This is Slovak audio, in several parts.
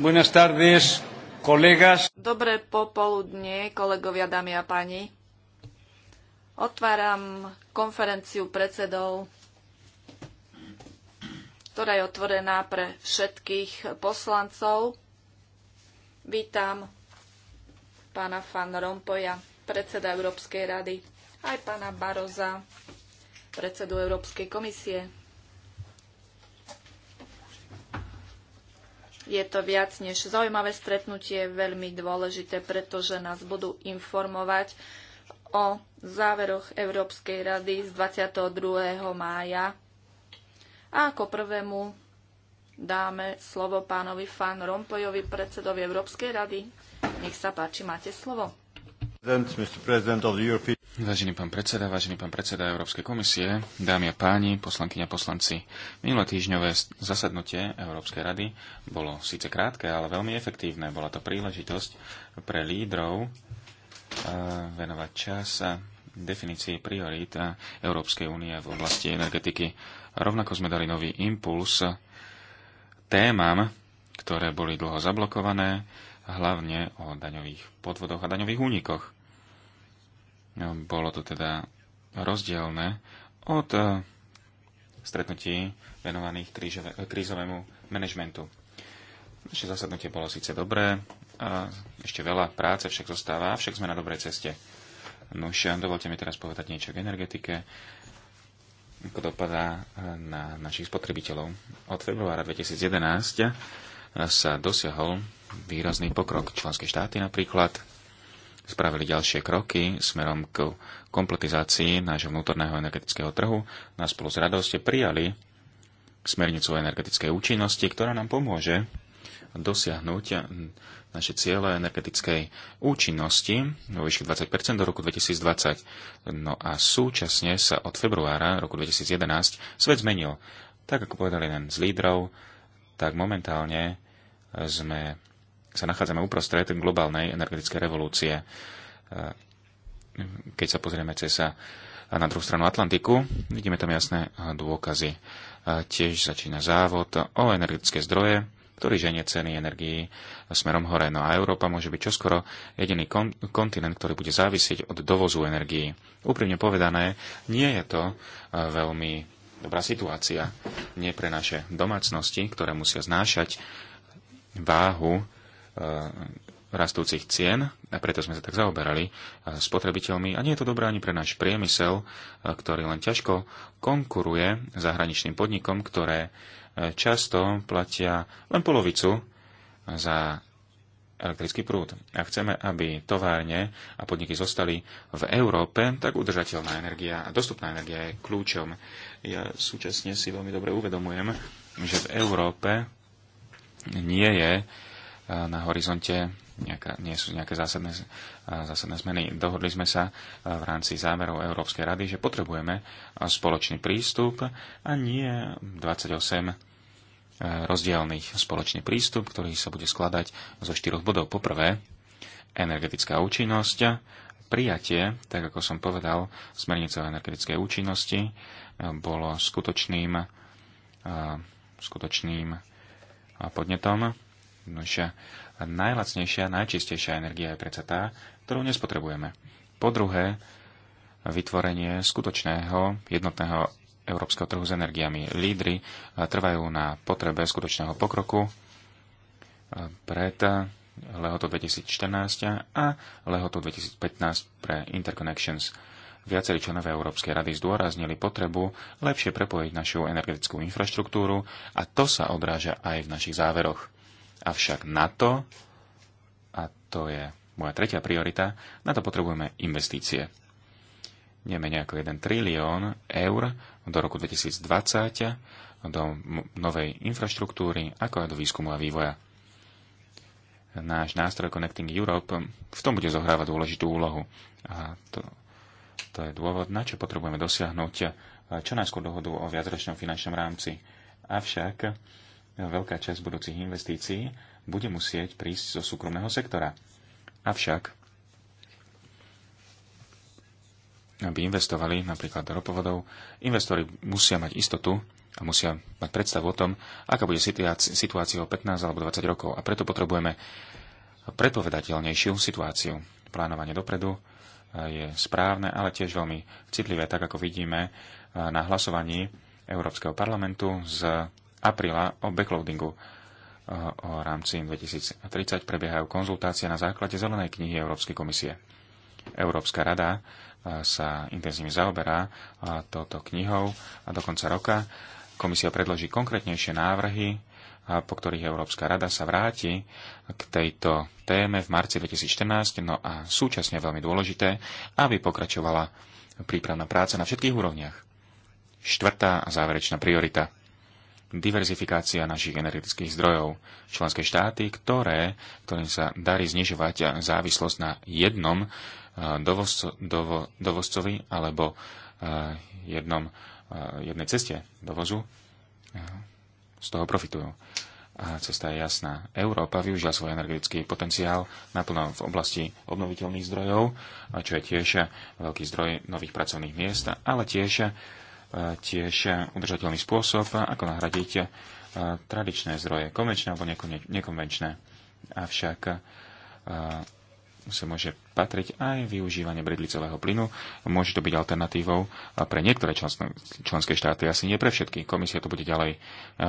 Buenas tardes, colegas. Dobré popoludne, kolegovia, dámy a páni. Otváram konferenciu predsedov, ktorá je otvorená pre všetkých poslancov. Vítam pána Fan Rompoja, predseda Európskej rady, aj pána Baroza, predsedu Európskej komisie. Je to viac než zaujímavé stretnutie, veľmi dôležité, pretože nás budú informovať o záveroch Európskej rady z 22. mája. A ako prvému dáme slovo pánovi Fan Rompojovi, predsedovi Európskej rady. Nech sa páči, máte slovo. Mr. President of the European... Vážený pán predseda, vážený pán predseda Európskej komisie, dámy a páni, poslankyňa poslanci, minulé týždňové zasadnutie Európskej rady bolo síce krátke, ale veľmi efektívne. Bola to príležitosť pre lídrov eh, venovať čas a definícii priorít Európskej únie v oblasti energetiky. Rovnako sme dali nový impuls témam, ktoré boli dlho zablokované, hlavne o daňových podvodoch a daňových únikoch. Bolo to teda rozdielne od eh, stretnutí venovaných krízovému manažmentu. Naše zasadnutie bolo síce dobré, a ešte veľa práce však zostáva, však sme na dobrej ceste. No už dovolte mi teraz povedať niečo k energetike, ako dopadá eh, na našich spotrebiteľov. Od februára 2011 sa dosiahol výrazný pokrok. Členské štáty napríklad spravili ďalšie kroky smerom k kompletizácii nášho vnútorného energetického trhu, nás spolu s radosťou prijali smernicu energetickej účinnosti, ktorá nám pomôže dosiahnuť naše ciele energetickej účinnosti vo výške 20 do roku 2020. No a súčasne sa od februára roku 2011 svet zmenil. Tak ako povedal jeden z lídrov, tak momentálne sme sa nachádzame uprostred globálnej energetickej revolúcie. E, keď sa pozrieme cez sa na druhú stranu Atlantiku, vidíme tam jasné dôkazy. E, tiež začína závod o energetické zdroje, ktorý ženie ceny energii smerom hore. No a Európa môže byť čoskoro jediný kon- kontinent, ktorý bude závisieť od dovozu energií. Úprimne povedané, nie je to e, veľmi dobrá situácia. Nie pre naše domácnosti, ktoré musia znášať váhu Eh, rastúcich cien a preto sme sa tak zaoberali eh, spotrebiteľmi a nie je to dobré ani pre náš priemysel, eh, ktorý len ťažko konkuruje zahraničným podnikom, ktoré často platia len polovicu za elektrický prúd. A chceme, aby továrne a podniky zostali v Európe, tak udržateľná energia a dostupná energia je kľúčom. Ja súčasne si veľmi dobre uvedomujem, že v Európe nie je uh, na horizonte, nejaká, nie sú nejaké zásadné, zásadné zmeny. Dohodli sme sa v rámci záverov Európskej rady, že potrebujeme spoločný prístup a nie 28 e, rozdielných spoločný prístup, ktorý sa bude skladať zo štyroch bodov. Poprvé, energetická účinnosť, prijatie, tak ako som povedal, smernice o energetickej účinnosti e, bolo skutočným, e, skutočným podnetom Nože, najlacnejšia, najčistejšia energia je predsa tá, ktorú nespotrebujeme. Po druhé, vytvorenie skutočného jednotného európskeho trhu s energiami. Lídry eh, trvajú na potrebe skutočného pokroku eh, pred eh, lehotu 2014 a lehotu 2015 pre Interconnections. Viacerí členové Európskej rady zdôraznili potrebu lepšie prepojiť našu energetickú infraštruktúru a to sa odráža aj v našich záveroch. Avšak na to, a to je moja tretia priorita, na to potrebujeme investície. menej ako 1 trilión eur do roku 2020 do novej infraštruktúry, ako aj do výskumu a vývoja. Náš nástroj Connecting Europe v tom bude zohrávať dôležitú úlohu. A to, to je dôvod, na čo potrebujeme dosiahnuť čo najskôr dohodu o viacročnom finančnom rámci. Avšak veľká časť budúcich investícií bude musieť prísť zo súkromného sektora. Avšak, aby investovali napríklad do ropovodov, investori musia mať istotu a musia mať predstavu o tom, aká bude situácia o 15 alebo 20 rokov. A preto potrebujeme predpovedateľnejšiu situáciu. Plánovanie dopredu e, je správne, ale tiež veľmi citlivé, tak ako vidíme e, na hlasovaní Európskeho parlamentu z apríla o backloadingu. O rámci 2030 prebiehajú konzultácie na základe zelenej knihy Európskej komisie. Európska rada sa intenzívne zaoberá touto knihou a do konca roka komisia predloží konkrétnejšie návrhy, po ktorých Európska rada sa vráti k tejto téme v marci 2014, no a súčasne veľmi dôležité, aby pokračovala prípravná práca na všetkých úrovniach. Štvrtá a záverečná priorita – diverzifikácia našich energetických zdrojov. Členské štáty, ktoré, ktorým sa darí znižovať závislosť na jednom eh, dovozco, dovo, dovozcovi alebo eh, jednom, eh, jednej ceste dovozu, z toho profitujú. A cesta je jasná. Európa využila svoj energetický potenciál naplno v oblasti obnoviteľných zdrojov, čo je tiež veľký zdroj nových pracovných miest, ale tiež E, tiež udržateľný spôsob, ako nahradiť e, tradičné zdroje, konvenčné alebo nekonvenčné. Avšak e, sa môže patriť aj využívanie bridlicového plynu. Môže to byť alternatívou pre niektoré členské štáty, asi nie pre všetky. Komisia to bude ďalej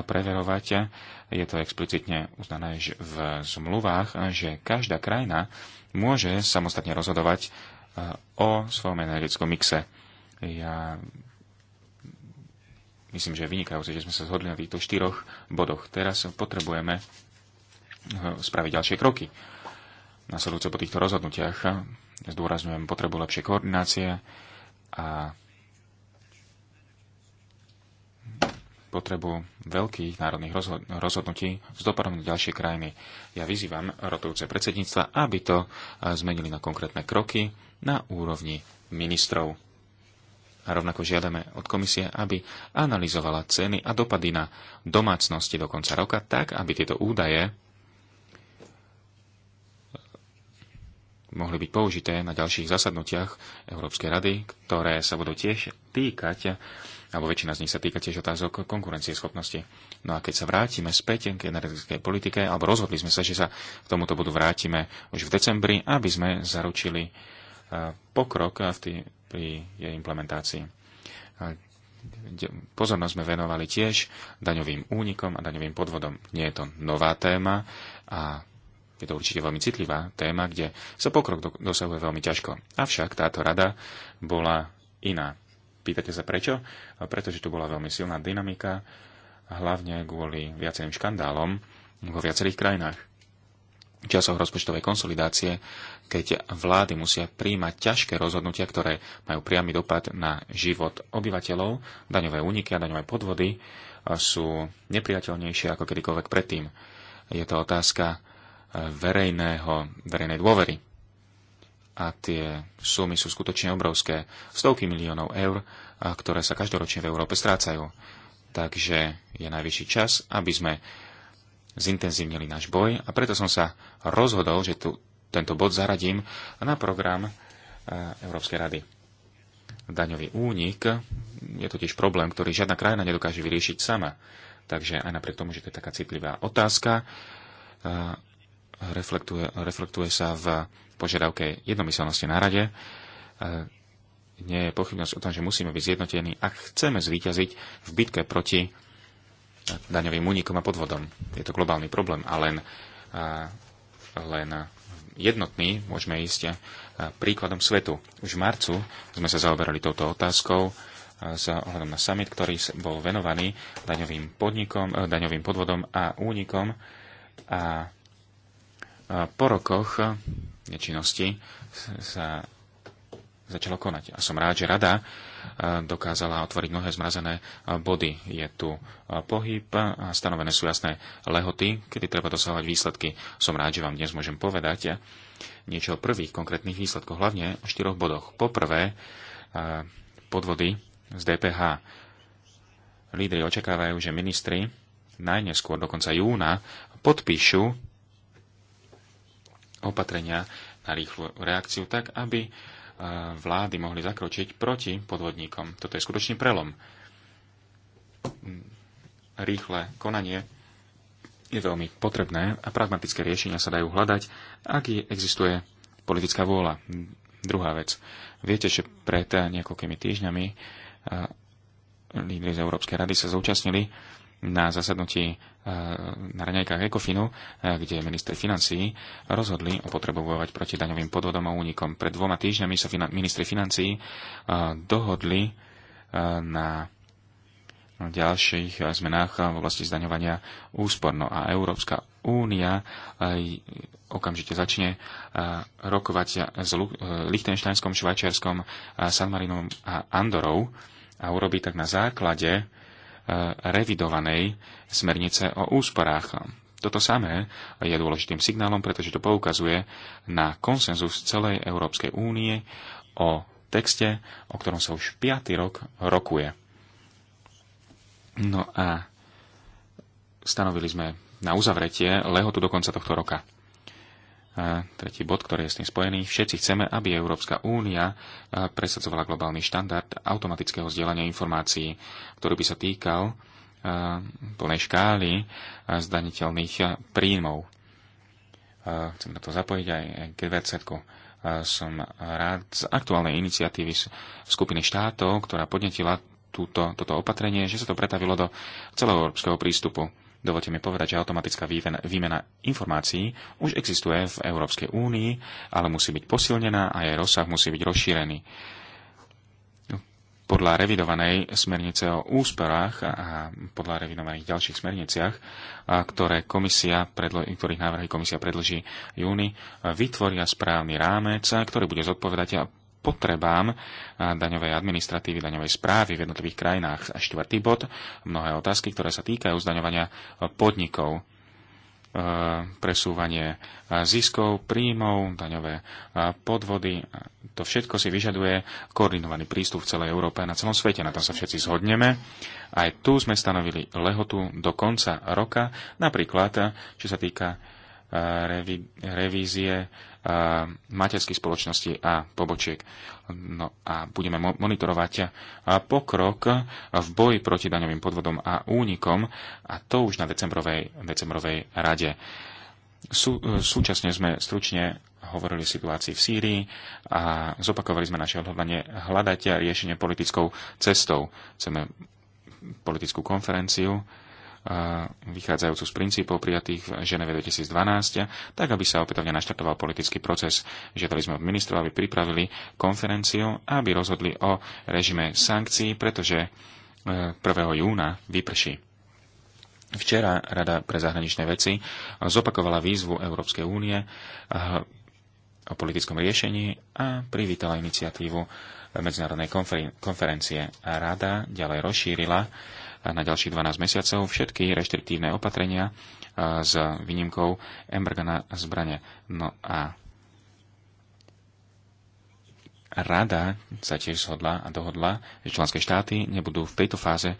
preverovať. Je to explicitne uznané v zmluvách, že každá krajina môže samostatne rozhodovať o svojom energetickom mixe. Ja myslím, že vynikajúce, že sme sa zhodli na týchto štyroch bodoch. Teraz potrebujeme eh, spraviť ďalšie kroky. Nasledujúce po týchto rozhodnutiach eh, zdôrazňujem potrebu lepšej koordinácie a potrebu veľkých národných rozhodnutí s dopadom na ďalšie krajiny. Ja vyzývam rotujúce predsedníctva, aby to eh, zmenili na konkrétne kroky na úrovni ministrov. A rovnako žiadame od komisie, aby analyzovala ceny a dopady na domácnosti do konca roka tak, aby tieto údaje mohli byť použité na ďalších zasadnutiach Európskej rady, ktoré sa budú tiež týkať, alebo väčšina z nich sa týka tiež otázok konkurencieschopnosti. No a keď sa vrátime späť k energetickej politike, alebo rozhodli sme sa, že sa k tomuto bodu vrátime už v decembri, aby sme zaručili eh, pokrok v, tých pri jej implementácii. Pozornosť sme venovali tiež daňovým únikom a daňovým podvodom. Nie je to nová téma a je to určite veľmi citlivá téma, kde sa pokrok dosahuje veľmi ťažko. Avšak táto rada bola iná. Pýtate sa prečo? Pretože tu bola veľmi silná dynamika, hlavne kvôli viacerým škandálom vo viacerých krajinách časoch rozpočtovej konsolidácie, keď vlády musia príjmať ťažké rozhodnutia, ktoré majú priamy dopad na život obyvateľov, daňové úniky a daňové podvody sú nepriateľnejšie ako kedykoľvek predtým. Je to otázka e, verejného, verejnej dôvery. A tie sumy sú skutočne obrovské. Stovky miliónov eur, ktoré sa každoročne v Európe strácajú. Takže je najvyšší čas, aby sme zintenzívnili náš boj a preto som sa rozhodol, že tu, tento bod zaradím na program e, Európskej rady. Daňový únik je totiž problém, ktorý žiadna krajina nedokáže vyriešiť sama. Takže aj napriek tomu, že to je taká citlivá otázka, e, reflektuje, reflektuje sa v požiadavke jednomyselnosti na rade. E, nie je pochybnosť o tom, že musíme byť zjednotení, ak chceme zvíťaziť v bitke proti daňovým únikom a podvodom. Je to globálny problém a len, a, len jednotný môžeme ísť príkladom svetu. Už v marcu sme sa zaoberali touto otázkou s ohľadom na summit, ktorý bol venovaný daňovým, podnikom, e, daňovým podvodom a únikom. A po rokoch nečinnosti sa začalo konať. A som rád, že rada dokázala otvoriť mnohé zmrazené body. Je tu pohyb a stanovené sú jasné lehoty, kedy treba dosahovať výsledky. Som rád, že vám dnes môžem povedať niečo o prvých konkrétnych výsledkoch, hlavne o štyroch bodoch. Poprvé, podvody z DPH. Lídry očakávajú, že ministri najneskôr do konca júna podpíšu opatrenia na rýchlu reakciu tak, aby vlády mohli zakročiť proti podvodníkom. Toto je skutočný prelom. Rýchle konanie je veľmi potrebné a pragmatické riešenia sa dajú hľadať, ak existuje politická vôľa. Druhá vec. Viete, že pred niekoľkými týždňami lídry z Európskej rady sa zúčastnili na zasadnutí e, na raňajkách Ekofinu, e, kde minister financí rozhodli o potrebe bojovať proti daňovým podvodom a únikom. Pred dvoma týždňami sa finan- ministri financí e, dohodli na ďalších zmenách v oblasti zdaňovania úsporno a Európska únia okamžite začne rokovať s Lichtenštajnskom, Švajčiarskom, San Marinom a Andorou a urobí tak na základe E, revidovanej smernice o úsporách. Toto samé je dôležitým signálom, pretože to poukazuje na konsenzus celej Európskej únie o texte, o ktorom sa už 5. rok rokuje. No a stanovili sme na uzavretie lehotu do konca tohto roka tretí bod, ktorý je s tým spojený. Všetci chceme, aby Európska únia e, presadzovala globálny štandard automatického vzdielania informácií, ktorý by sa týkal e, plnej škály e, zdaniteľných príjmov. Chcem na to zapojiť aj k vercetku. Som rád z aktuálnej iniciatívy skupiny štátov, ktorá podnetila túto, toto opatrenie, že sa to pretavilo do celého európskeho prístupu. Dovolte mi povedať, že automatická výmena, výmena informácií už existuje v Európskej únii, ale musí byť posilnená a jej rozsah musí byť rozšírený. Podľa revidovanej smernice o úsporách a podľa revidovaných ďalších smerniciach, ktoré komisia predlo- ktorých návrhy komisia predloží júni, vytvoria správny rámec, ktorý bude zodpovedať potrebám daňovej administratívy, daňovej správy v jednotlivých krajinách. A štvrtý bod, mnohé otázky, ktoré sa týkajú zdaňovania podnikov e, presúvanie ziskov, príjmov, daňové podvody. To všetko si vyžaduje koordinovaný prístup v celej Európe a na celom svete. Na tom sa všetci zhodneme. Aj tu sme stanovili lehotu do konca roka, napríklad čo sa týka revízie materských spoločností a pobočiek. No a budeme monitorovať pokrok v boji proti daňovým podvodom a únikom a to už na decembrovej, decembrovej rade. Sú, súčasne sme stručne hovorili o situácii v Sýrii a zopakovali sme naše odhodlanie hľadať riešenie politickou cestou. Chceme politickú konferenciu, vychádzajúcu z princípov prijatých v Ženeve 2012, tak aby sa opätovne naštartoval politický proces. Žiadali sme od ministrov, aby pripravili konferenciu aby rozhodli o režime sankcií, pretože 1. E, júna vyprší. Včera Rada pre zahraničné veci zopakovala výzvu Európskej únie e, o politickom riešení a privítala iniciatívu medzinárodnej konferencie. Rada ďalej rozšírila na ďalších 12 mesiacov všetky reštriktívne opatrenia s výnimkou embarga na zbranie. No a Rada sa tiež zhodla a dohodla, že členské štáty nebudú v tejto fáze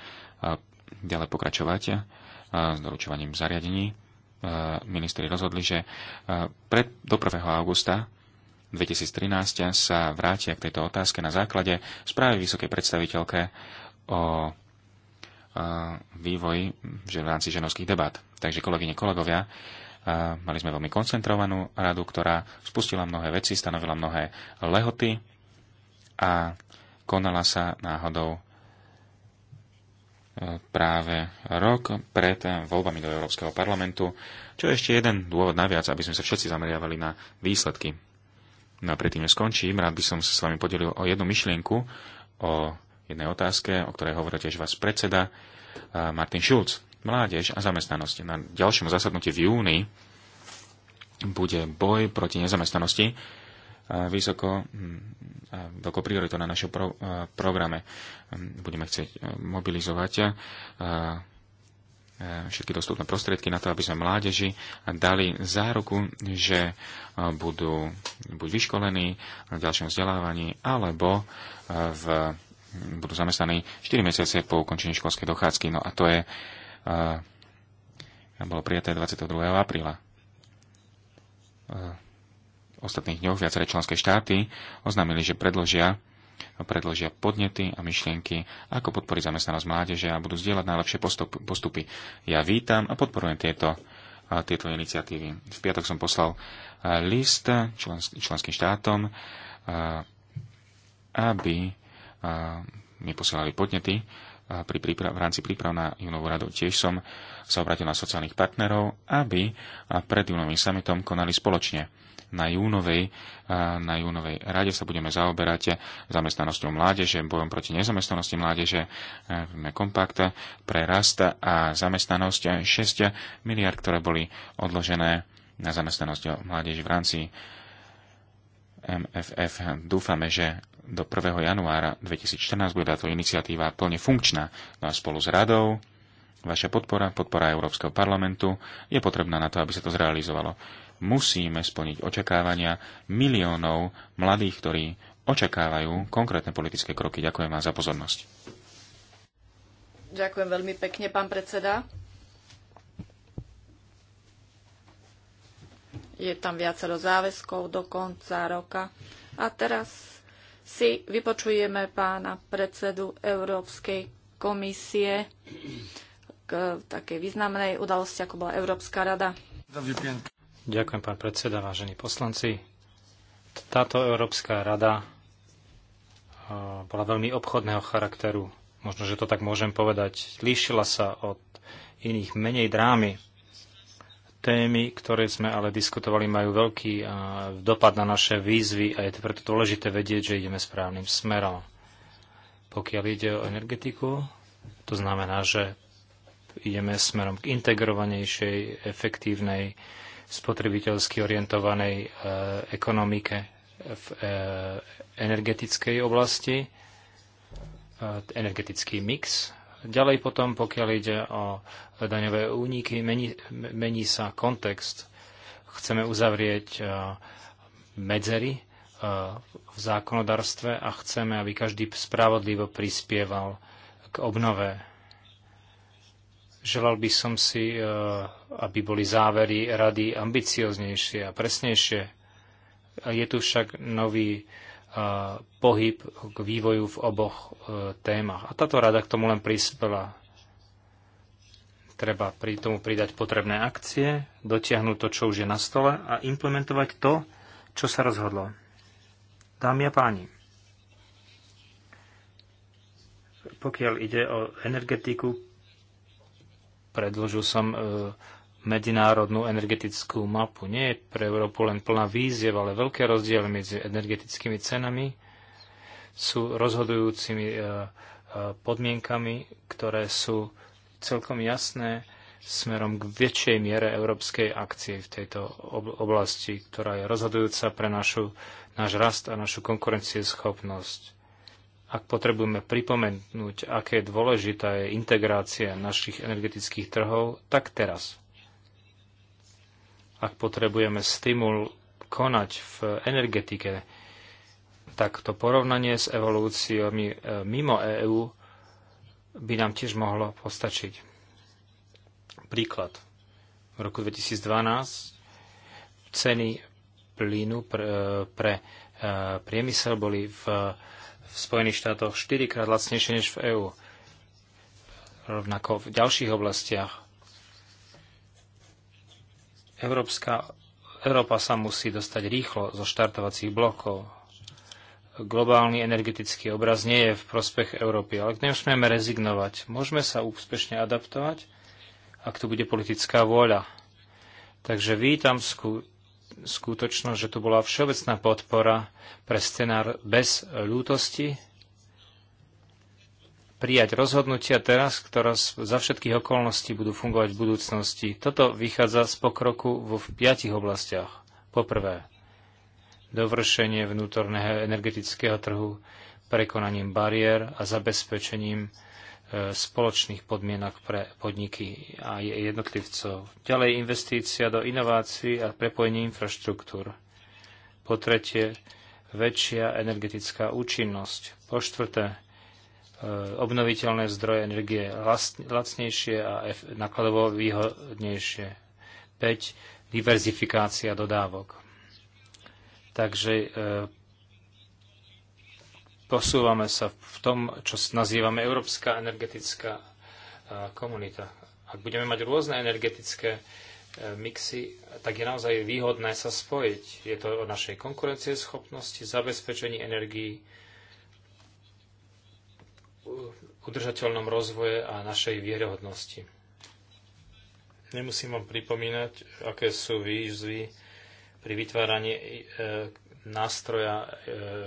ďalej pokračovať s doručovaním zariadení. Ministri rozhodli, že pred, do 1. augusta 2013 sa vrátia k tejto otázke na základe správy vysokej predstaviteľke o vývoj v rámci ženovských debat. Takže kolegyne, kolegovia, mali sme veľmi koncentrovanú radu, ktorá spustila mnohé veci, stanovila mnohé lehoty a konala sa náhodou e, práve rok pred voľbami do Európskeho parlamentu, čo je ešte jeden dôvod naviac, aby sme sa všetci zameriavali na výsledky. No a predtým, než skončím, rád by som sa s vami podelil o jednu myšlienku, o jednej otázke, o ktorej hovorí tiež vás predseda, Martin Schulz, mládež a zamestnanosť. Na ďalšom zasadnutí v júni bude boj proti nezamestnanosti vysoko a veľkou prioritou na našom pro, programe. Budeme chcieť e, mobilizovať všetky dostupné prostriedky na to, aby sme mládeži dali záruku, že e, budú buď vyškolení v ďalšom vzdelávaní, alebo e, v budú zamestnaní 4 mesiace po ukončení školskej dochádzky. No a to je, uh, bolo prijaté 22. apríla. Uh, ostatných dňoch viaceré členské štáty oznámili, že predložia predložia podnety a myšlienky, ako podporiť zamestnanosť mládeže a budú zdieľať najlepšie postupy. Ja vítam a podporujem tieto, eh, tieto iniciatívy. V piatok som poslal list členským štátom, aby neposielali podnety pri príprav, v rámci príprav na júnovú radu. Tiež som sa obratil na sociálnych partnerov, aby pred júnovým summitom konali spoločne. Na júnovej, na júnovej rade sa budeme zaoberať zamestnanosťou mládeže, bojom proti nezamestnanosti mládeže, kompakt pre rast a zamestnanosť 6 miliard, ktoré boli odložené na zamestnanosť mládeže v rámci MFF. Dúfame, že do 1. januára 2014 bude táto iniciatíva plne funkčná. No a spolu s radou vaša podpora, podpora Európskeho parlamentu je potrebná na to, aby sa to zrealizovalo. Musíme splniť očakávania miliónov mladých, ktorí očakávajú konkrétne politické kroky. Ďakujem vám za pozornosť. Ďakujem veľmi pekne, pán predseda. Je tam viacero záväzkov do konca roka. A teraz si vypočujeme pána predsedu Európskej komisie k takej významnej udalosti, ako bola Európska rada. Ďakujem, pán predseda, vážení poslanci. Táto Európska rada e, bola veľmi obchodného charakteru. Možno, že to tak môžem povedať. Líšila sa od iných menej drámy. Témy, ktoré sme ale diskutovali, majú veľký dopad na naše výzvy a je preto dôležité vedieť, že ideme správnym smerom. Pokiaľ ide o energetiku, to znamená, že ideme smerom k integrovanejšej, efektívnej, spotrebiteľsky orientovanej e, ekonomike v e, energetickej oblasti, e, energetický mix Ďalej potom, pokiaľ ide o daňové úniky, mení, mení sa kontext. Chceme uzavrieť e, medzery e, v zákonodarstve a chceme, aby každý spravodlivo prispieval k obnove. Želal by som si, e, aby boli závery rady ambicioznejšie a presnejšie. Je tu však nový pohyb k vývoju v oboch e, témach. A táto rada k tomu len prispela. Treba pri tomu pridať potrebné akcie, dotiahnuť to, čo už je na stole a implementovať to, čo sa rozhodlo. Dámy a páni, pokiaľ ide o energetiku, predložil som e, medzinárodnú energetickú mapu. Nie je pre Európu len plná víziev, ale veľké rozdiely medzi energetickými cenami sú rozhodujúcimi e, e, podmienkami, ktoré sú celkom jasné smerom k väčšej miere európskej akcie v tejto oblasti, ktorá je rozhodujúca pre našu, náš rast a našu konkurencieschopnosť. Ak potrebujeme pripomenúť, aké dôležitá je integrácia našich energetických trhov, tak teraz. Ak potrebujeme stimul konať v energetike, tak to porovnanie s evolúciami e, mimo EÚ by nám tiež mohlo postačiť. Príklad. V roku 2012 ceny plynu pre, e, pre e, priemysel boli v, v Spojených štátoch 4 krát lacnejšie než v EÚ. Rovnako v ďalších oblastiach Európska, Európa sa musí dostať rýchlo zo štartovacích blokov. Globálny energetický obraz nie je v prospech Európy, ale nesmieme rezignovať. Môžeme sa úspešne adaptovať, ak tu bude politická vôľa. Takže vítam skú, skutočnosť, že tu bola všeobecná podpora pre scenár bez ľútosti, prijať rozhodnutia teraz, ktoré za všetkých okolností budú fungovať v budúcnosti. Toto vychádza z pokroku vo piatich oblastiach. Poprvé, dovršenie vnútorného energetického trhu prekonaním bariér a zabezpečením e, spoločných podmienok pre podniky a jednotlivcov. Ďalej investícia do inovácií a prepojenie infraštruktúr. Po tretie, väčšia energetická účinnosť. Po štvrté, E, obnoviteľné zdroje energie lacnejšie a nakladovo výhodnejšie. 5. Diverzifikácia dodávok. Takže e, posúvame sa v tom, čo nazývame Európska energetická e, komunita. Ak budeme mať rôzne energetické mixy, tak je naozaj výhodné sa spojiť. Je to o našej konkurencieschopnosti, zabezpečení energií, udržateľnom rozvoje a našej vierohodnosti. Nemusím vám pripomínať, aké sú výzvy pri vytváraní e, nástroja e,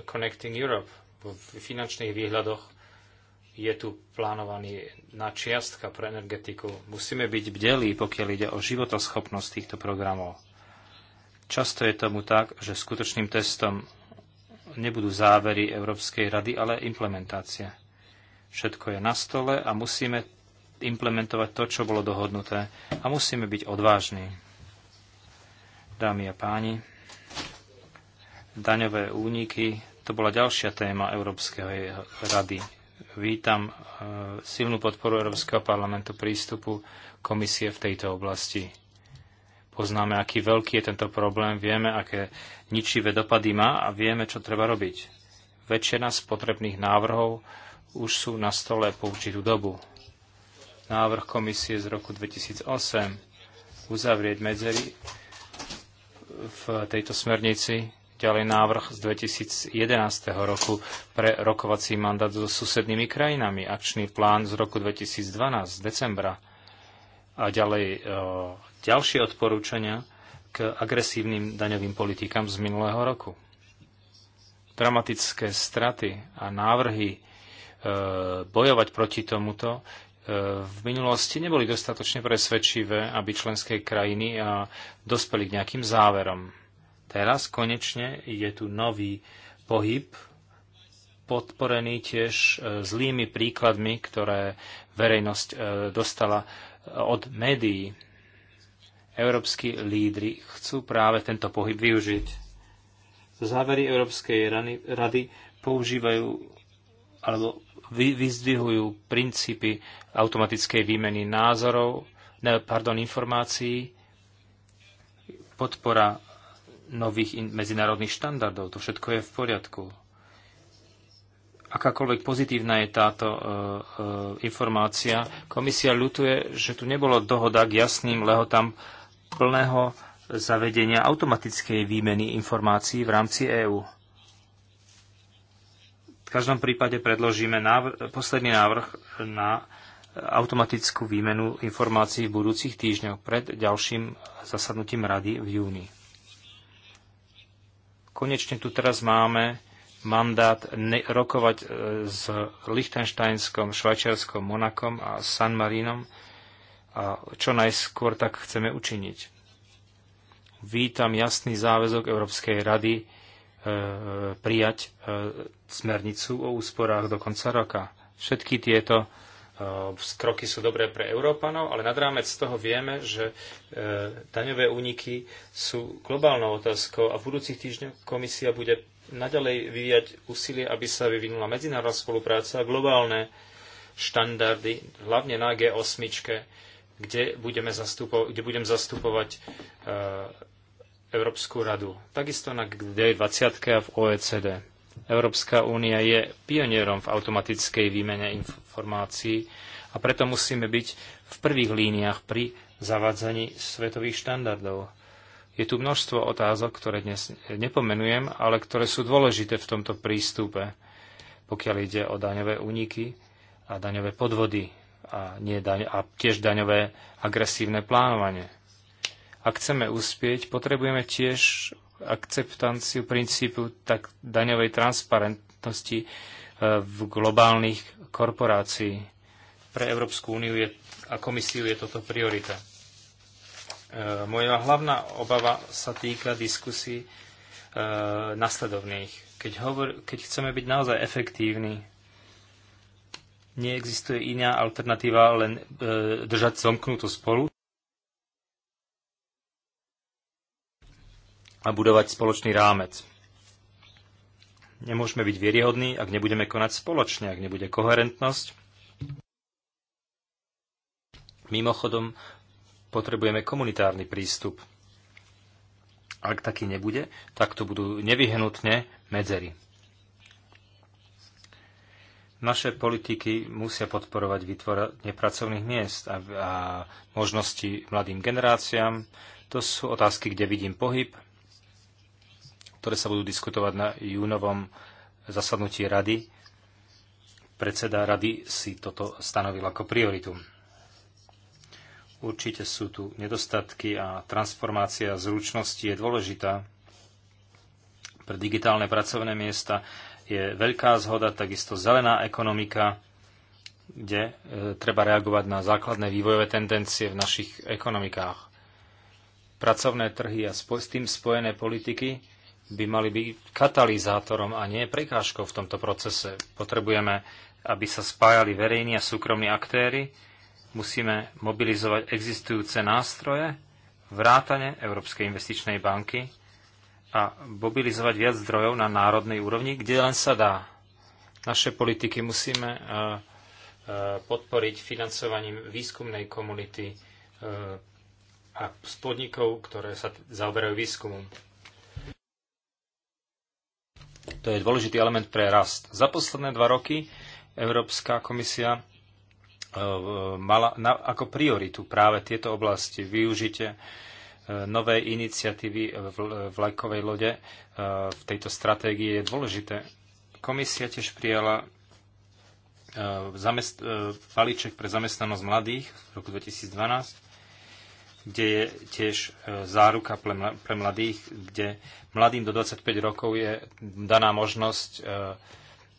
Connecting Europe. V finančných výhľadoch je tu plánovaný na čiastka pre energetiku. Musíme byť bdelí, pokiaľ ide o životoschopnosť týchto programov. Často je tomu tak, že skutočným testom nebudú závery Európskej rady, ale implementácia. Všetko je na stole a musíme implementovať to, čo bolo dohodnuté. A musíme byť odvážni. Dámy a páni, daňové úniky, to bola ďalšia téma Európskej rady. Vítam e, silnú podporu Európskeho parlamentu prístupu komisie v tejto oblasti. Poznáme, aký veľký je tento problém, vieme, aké ničivé dopady má a vieme, čo treba robiť. Väčšina z potrebných návrhov už sú na stole po určitú dobu. Návrh komisie z roku 2008 uzavrieť medzery v tejto smernici, ďalej návrh z 2011. roku pre rokovací mandát so susednými krajinami, akčný plán z roku 2012 z decembra a ďalej e, ďalšie odporúčania k agresívnym daňovým politikám z minulého roku. Dramatické straty a návrhy E, bojovať proti tomuto, e, v minulosti neboli dostatočne presvedčivé, aby členské krajiny dospeli k nejakým záverom. Teraz konečne je tu nový pohyb, podporený tiež e, zlými príkladmi, ktoré verejnosť dostala od médií. Európsky lídry chcú práve tento pohyb využiť. Závery Európskej rady používajú alebo vy, vyzdvihujú princípy automatickej výmeny názorov, ne, pardon, informácií, podpora nových in, medzinárodných štandardov. To všetko je v poriadku. Akákoľvek pozitívna je táto uh, uh, informácia, komisia ľutuje, že tu nebolo dohoda k jasným lehotám plného zavedenia automatickej výmeny informácií v rámci EÚ každom prípade predložíme návr- posledný návrh na automatickú výmenu informácií v budúcich týždňoch pred ďalším zasadnutím rady v júni. Konečne tu teraz máme mandát rokovať e, s Lichtensteinskom, Švajčiarskom, Monakom a San Marinom a čo najskôr tak chceme učiniť. Vítam jasný záväzok Európskej rady prijať e, smernicu o úsporách do konca roka. Všetky tieto e, kroky sú dobré pre Európanov, ale nad rámec toho vieme, že e, daňové úniky sú globálnou otázkou a v budúcich týždňoch komisia bude naďalej vyvíjať úsilie, aby sa vyvinula medzinárodná spolupráca a globálne štandardy, hlavne na G8, kde, budeme zastupo- kde budem zastupovať Európsku radu, takisto na G20 a v OECD. Európska únia je pionierom v automatickej výmene informácií a preto musíme byť v prvých líniách pri zavádzaní svetových štandardov. Je tu množstvo otázok, ktoré dnes nepomenujem, ale ktoré sú dôležité v tomto prístupe, pokiaľ ide o daňové úniky a daňové podvody a, nie daň, a tiež daňové agresívne plánovanie ak chceme uspieť, potrebujeme tiež akceptanciu princípu tak daňovej transparentnosti e, v globálnych korporácií. Pre Európsku úniu je, a komisiu je toto priorita. E, moja hlavná obava sa týka diskusí e, nasledovných. Keď, hovor, keď chceme byť naozaj efektívni, neexistuje iná alternatíva len e, držať zomknutú spolu a budovať spoločný rámec. Nemôžeme byť vieriehodní, ak nebudeme konať spoločne, ak nebude koherentnosť. Mimochodom, potrebujeme komunitárny prístup. Ak taký nebude, tak to budú nevyhnutne medzery. Naše politiky musia podporovať vytvorenie pracovných miest a, a možnosti mladým generáciám. To sú otázky, kde vidím pohyb, ktoré sa budú diskutovať na júnovom zasadnutí rady. Predseda rady si toto stanovil ako prioritu. Určite sú tu nedostatky a transformácia zručnosti je dôležitá. Pre digitálne pracovné miesta je veľká zhoda, takisto zelená ekonomika, kde e, treba reagovať na základné vývojové tendencie v našich ekonomikách. Pracovné trhy a s tým spojené politiky by mali byť katalizátorom a nie prekážkou v tomto procese. Potrebujeme, aby sa spájali verejní a súkromní aktéry, musíme mobilizovať existujúce nástroje, vrátane Európskej investičnej banky a mobilizovať viac zdrojov na národnej úrovni, kde len sa dá. Naše politiky musíme e, e, podporiť financovaním výskumnej komunity e, a podnikov, ktoré sa zaoberajú výskumom. To je dôležitý element pre rast. Za posledné dva roky Európska komisia e, e, mala ako prioritu práve tieto oblasti využite e, novej iniciatívy v lajkovej lode v tejto stratégii je dôležité. Komisia tiež prijala balíček pre zamestnanosť mladých v roku 2012 kde je tiež e, záruka pre mladých, kde mladým do 25 rokov je daná možnosť e,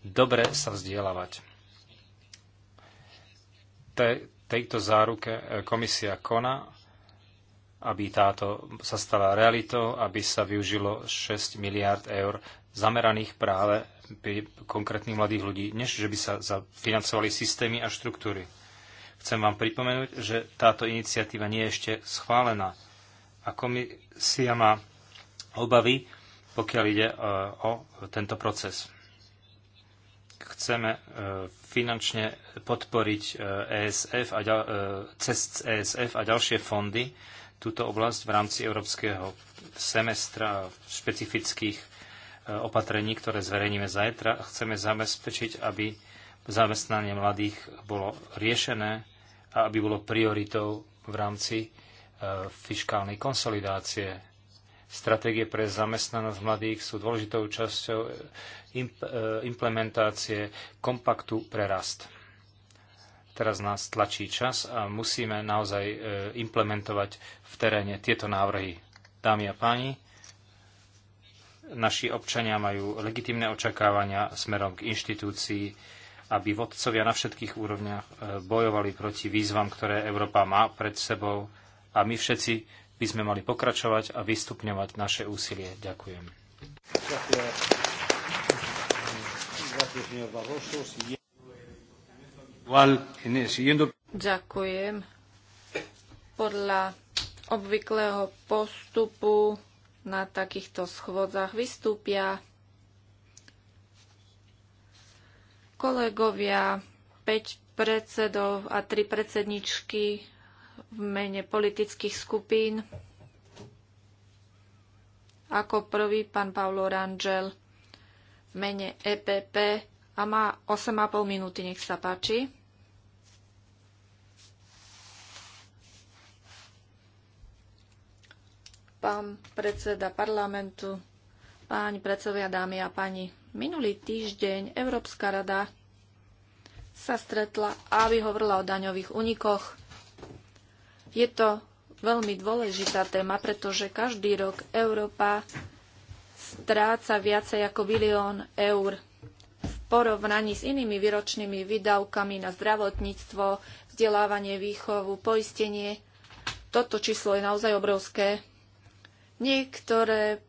dobre sa vzdielávať. Te, tejto záruke e, komisia koná, aby táto sa stala realitou, aby sa využilo 6 miliard eur zameraných práve konkrétnych mladých ľudí, než že by sa financovali systémy a štruktúry Chcem vám pripomenúť, že táto iniciatíva nie je ešte schválená a komisia má obavy, pokiaľ ide e, o tento proces. Chceme e, finančne podporiť ESF e a cez ESF a ďalšie fondy túto oblasť v rámci európskeho semestra špecifických opatrení, ktoré zverejníme zajtra. Chceme zabezpečiť, aby zamestnanie mladých bolo riešené a aby bolo prioritou v rámci e, fiškálnej konsolidácie. Stratégie pre zamestnanosť mladých sú dôležitou časťou e, e, implementácie kompaktu pre rast. Teraz nás tlačí čas a musíme naozaj implementovať v teréne tieto návrhy. Dámy a páni, naši občania majú legitimné očakávania smerom k inštitúcii, aby vodcovia na všetkých úrovniach e, bojovali proti výzvam, ktoré Európa má pred sebou a my všetci by sme mali pokračovať a vystupňovať naše úsilie. Ďakujem. Ďakujem. Podľa obvyklého postupu na takýchto schôdzach vystúpia Kolegovia, 5 predsedov a 3 predsedničky v mene politických skupín. Ako prvý pán Paolo Rangel v mene EPP a má 8,5 minúty, nech sa páči. Pán predseda parlamentu, páni predsedovia, dámy a pani Minulý týždeň Európska rada sa stretla, aby hovorila o daňových unikoch. Je to veľmi dôležitá téma, pretože každý rok Európa stráca viacej ako bilión eur v porovnaní s inými výročnými výdavkami na zdravotníctvo, vzdelávanie, výchovu, poistenie. Toto číslo je naozaj obrovské. Niektoré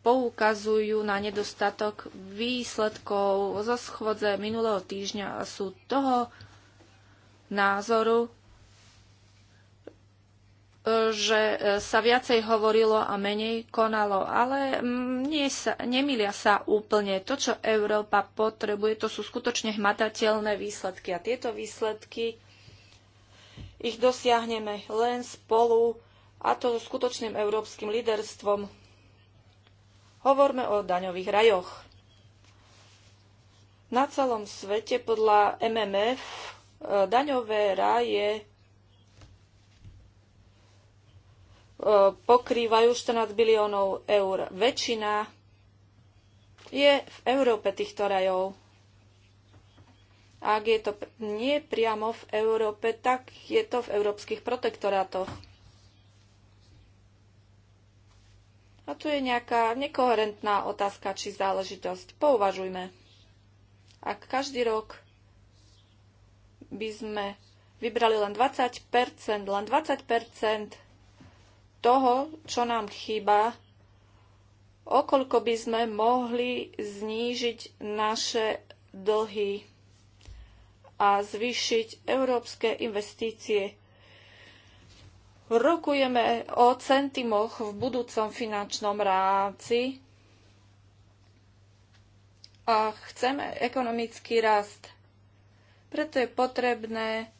poukazujú na nedostatok výsledkov zo schôdze minulého týždňa a sú toho názoru, že e, sa viacej hovorilo a menej konalo, ale mm, nie sa, nemilia sa úplne. To, čo Európa potrebuje, to sú skutočne hmatateľné výsledky a tieto výsledky ich dosiahneme len spolu a to so skutočným európskym líderstvom Hovorme o daňových rajoch. Na celom svete podľa MMF e, daňové raje e, pokrývajú 14 biliónov eur. Väčšina je v Európe týchto rajov. Ak je to nie priamo v Európe, tak je to v európskych protektorátoch. A tu je nejaká nekoherentná otázka či záležitosť. Pouvažujme. Ak každý rok by sme vybrali len 20%, len 20% toho, čo nám chýba, okoľko by sme mohli znížiť naše dlhy a zvýšiť európske investície. Rokujeme o centimoch v budúcom finančnom rámci a chceme ekonomický rast. Preto je potrebné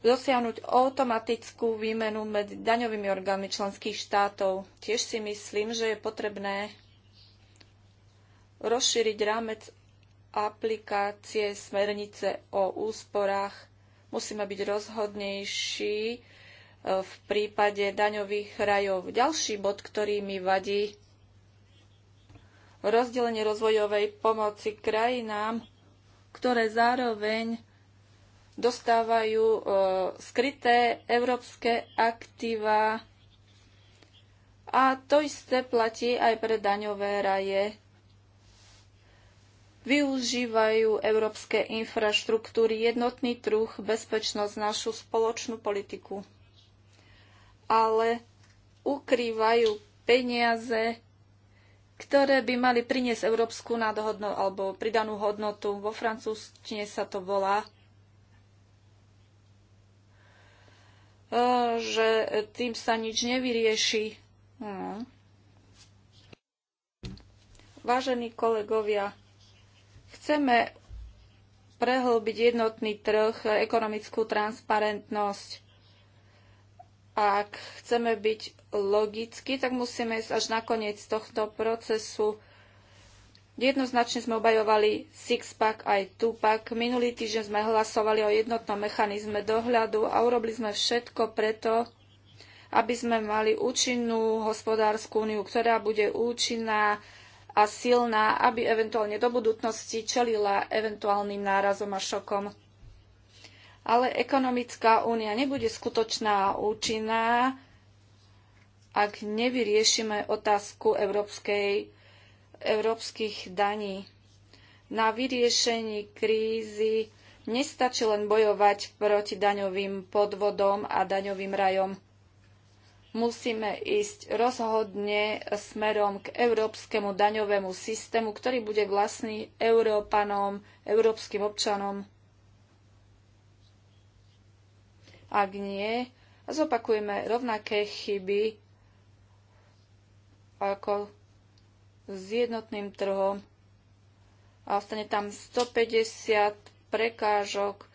dosiahnuť automatickú výmenu medzi daňovými orgánmi členských štátov. Tiež si myslím, že je potrebné rozšíriť rámec aplikácie smernice o úsporách Musíme byť rozhodnejší e, v prípade daňových rajov. Ďalší bod, ktorý mi vadí, rozdelenie rozvojovej pomoci krajinám, ktoré zároveň dostávajú e, skryté európske aktíva. A to isté platí aj pre daňové raje využívajú európske infraštruktúry, jednotný trh, bezpečnosť, našu spoločnú politiku. Ale ukrývajú peniaze, ktoré by mali priniesť európsku nádohodnú alebo pridanú hodnotu. Vo francúzštine sa to volá e, že tým sa nič nevyrieši. Hmm. Vážení kolegovia, chceme prehlbiť jednotný trh, ekonomickú transparentnosť, ak chceme byť logicky, tak musíme ísť až na koniec tohto procesu. Jednoznačne sme obajovali six-pack aj two-pack. Minulý týždeň sme hlasovali o jednotnom mechanizme dohľadu a urobili sme všetko preto, aby sme mali účinnú hospodárskú úniu, ktorá bude účinná a silná, aby eventuálne do budúcnosti čelila eventuálnym nárazom a šokom. Ale ekonomická únia nebude skutočná a účinná, ak nevyriešime otázku európskej, európskych daní. Na vyriešení krízy nestačí len bojovať proti daňovým podvodom a daňovým rajom musíme ísť rozhodne smerom k európskemu daňovému systému, ktorý bude vlastný Európanom, európskym občanom. Ak nie, zopakujeme rovnaké chyby ako s jednotným trhom a ostane tam 150 prekážok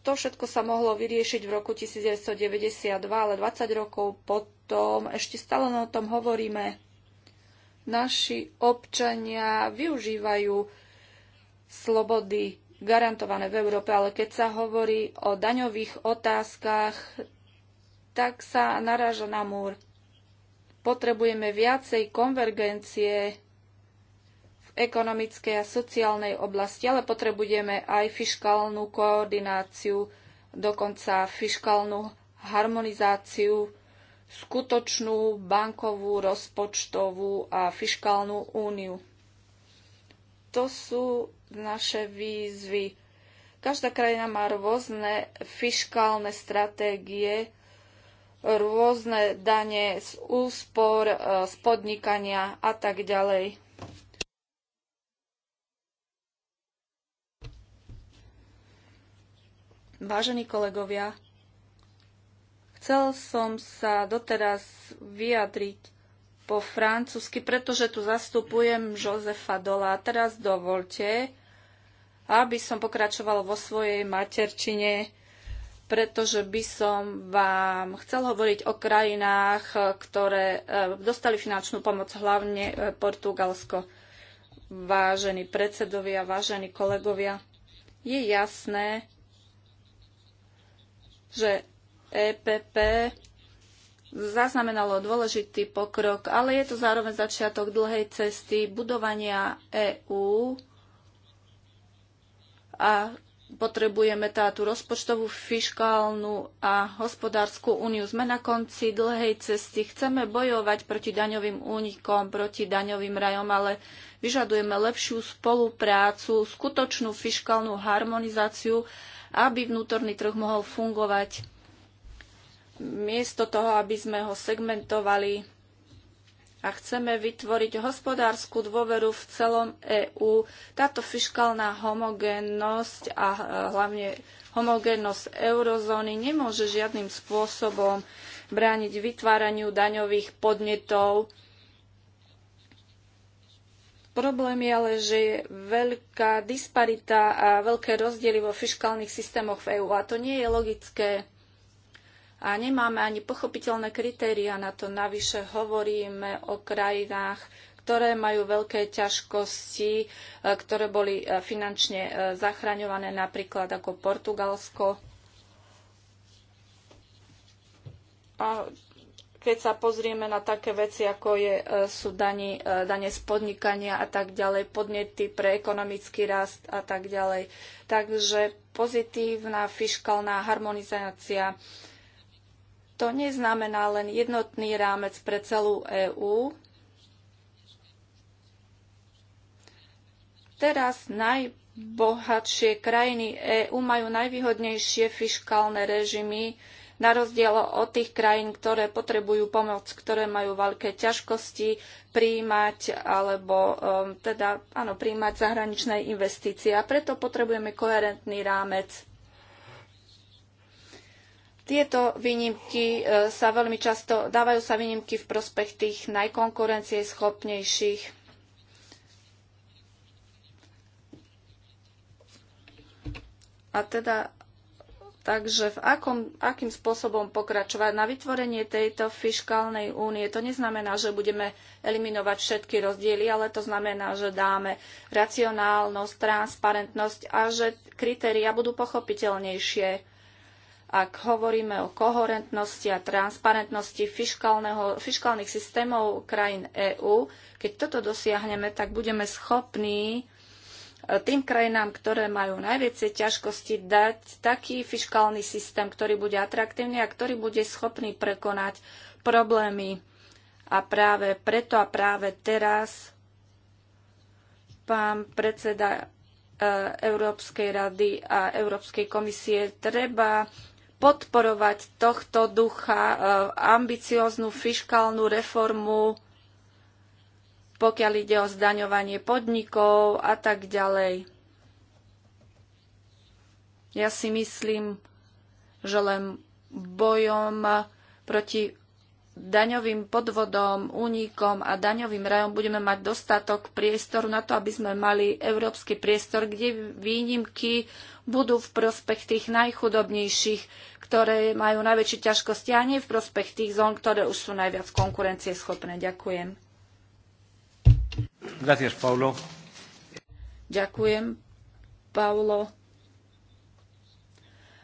to všetko sa mohlo vyriešiť v roku 1992, ale 20 rokov potom ešte stále o tom hovoríme. Naši občania využívajú slobody garantované v Európe, ale keď sa hovorí o daňových otázkach, tak sa naráža na múr. Potrebujeme viacej konvergencie ekonomickej a sociálnej oblasti, ale potrebujeme aj fiškálnu koordináciu, dokonca fiškálnu harmonizáciu, skutočnú bankovú, rozpočtovú a fiškálnu úniu. To sú naše výzvy. Každá krajina má rôzne fiškálne stratégie, rôzne dane z úspor, e, z podnikania a tak ďalej Vážení kolegovia, chcel som sa doteraz vyjadriť po francúzsky, pretože tu zastupujem Josefa Dola. Teraz dovolte, aby som pokračoval vo svojej materčine, pretože by som vám chcel hovoriť o krajinách, ktoré eh, dostali finančnú pomoc, hlavne eh, Portugalsko. Vážení predsedovia, vážení kolegovia, je jasné, že EPP zaznamenalo dôležitý pokrok, ale je to zároveň začiatok dlhej cesty budovania EÚ a potrebujeme tá tú rozpočtovú, fiškálnu a hospodárskú úniu. Sme na konci dlhej cesty. Chceme bojovať proti daňovým únikom, proti daňovým rajom, ale vyžadujeme lepšiu spoluprácu, skutočnú fiskálnu harmonizáciu aby vnútorný trh mohol fungovať. Miesto toho, aby sme ho segmentovali a chceme vytvoriť hospodárskú dôveru v celom EÚ, táto fiskálna homogénnosť a hlavne homogénnosť eurozóny nemôže žiadnym spôsobom brániť vytváraniu daňových podnetov Problém je ale, že je veľká disparita a veľké rozdiely vo fiskálnych systémoch v EÚ a to nie je logické. A nemáme ani pochopiteľné kritéria na to. Navyše hovoríme o krajinách, ktoré majú veľké ťažkosti, e, ktoré boli e, finančne e, zachraňované napríklad ako Portugalsko. A keď sa pozrieme na také veci, ako je, e, sú dani, e, dane z podnikania a tak ďalej, podnety pre ekonomický rast a tak ďalej. Takže pozitívna fiškálna harmonizácia to neznamená len jednotný rámec pre celú EÚ. Teraz najbohatšie krajiny EÚ majú najvýhodnejšie fiškálne režimy, na rozdiel od tých krajín, ktoré potrebujú pomoc, ktoré majú veľké ťažkosti príjmať alebo um, teda, áno, príjmať zahraničné investície. A preto potrebujeme koherentný rámec. Tieto výnimky e, sa veľmi často, dávajú sa výnimky v prospech tých najkonkurencieschopnejších. A teda Takže v akom, akým spôsobom pokračovať na vytvorenie tejto fiskálnej únie? To neznamená, že budeme eliminovať všetky rozdiely, ale to znamená, že dáme racionálnosť, transparentnosť a že kritéria budú pochopiteľnejšie. Ak hovoríme o koherentnosti a transparentnosti fiskálnych systémov krajín EÚ, keď toto dosiahneme, tak budeme schopní tým krajinám, ktoré majú najväčšie ťažkosti, dať taký fiskálny systém, ktorý bude atraktívny a ktorý bude schopný prekonať problémy. A práve preto a práve teraz pán predseda e, Európskej rady a Európskej komisie treba podporovať tohto ducha, e, ambicióznu fiskálnu reformu, pokiaľ ide o zdaňovanie podnikov a tak ďalej. Ja si myslím, že len bojom proti daňovým podvodom, únikom a daňovým rajom budeme mať dostatok priestoru na to, aby sme mali európsky priestor, kde výnimky budú v prospech tých najchudobnejších, ktoré majú najväčšie ťažkosti a nie v prospech tých zón, ktoré už sú najviac konkurencieschopné. Ďakujem. Gracias, Paulo. Ďakujem, Paulo.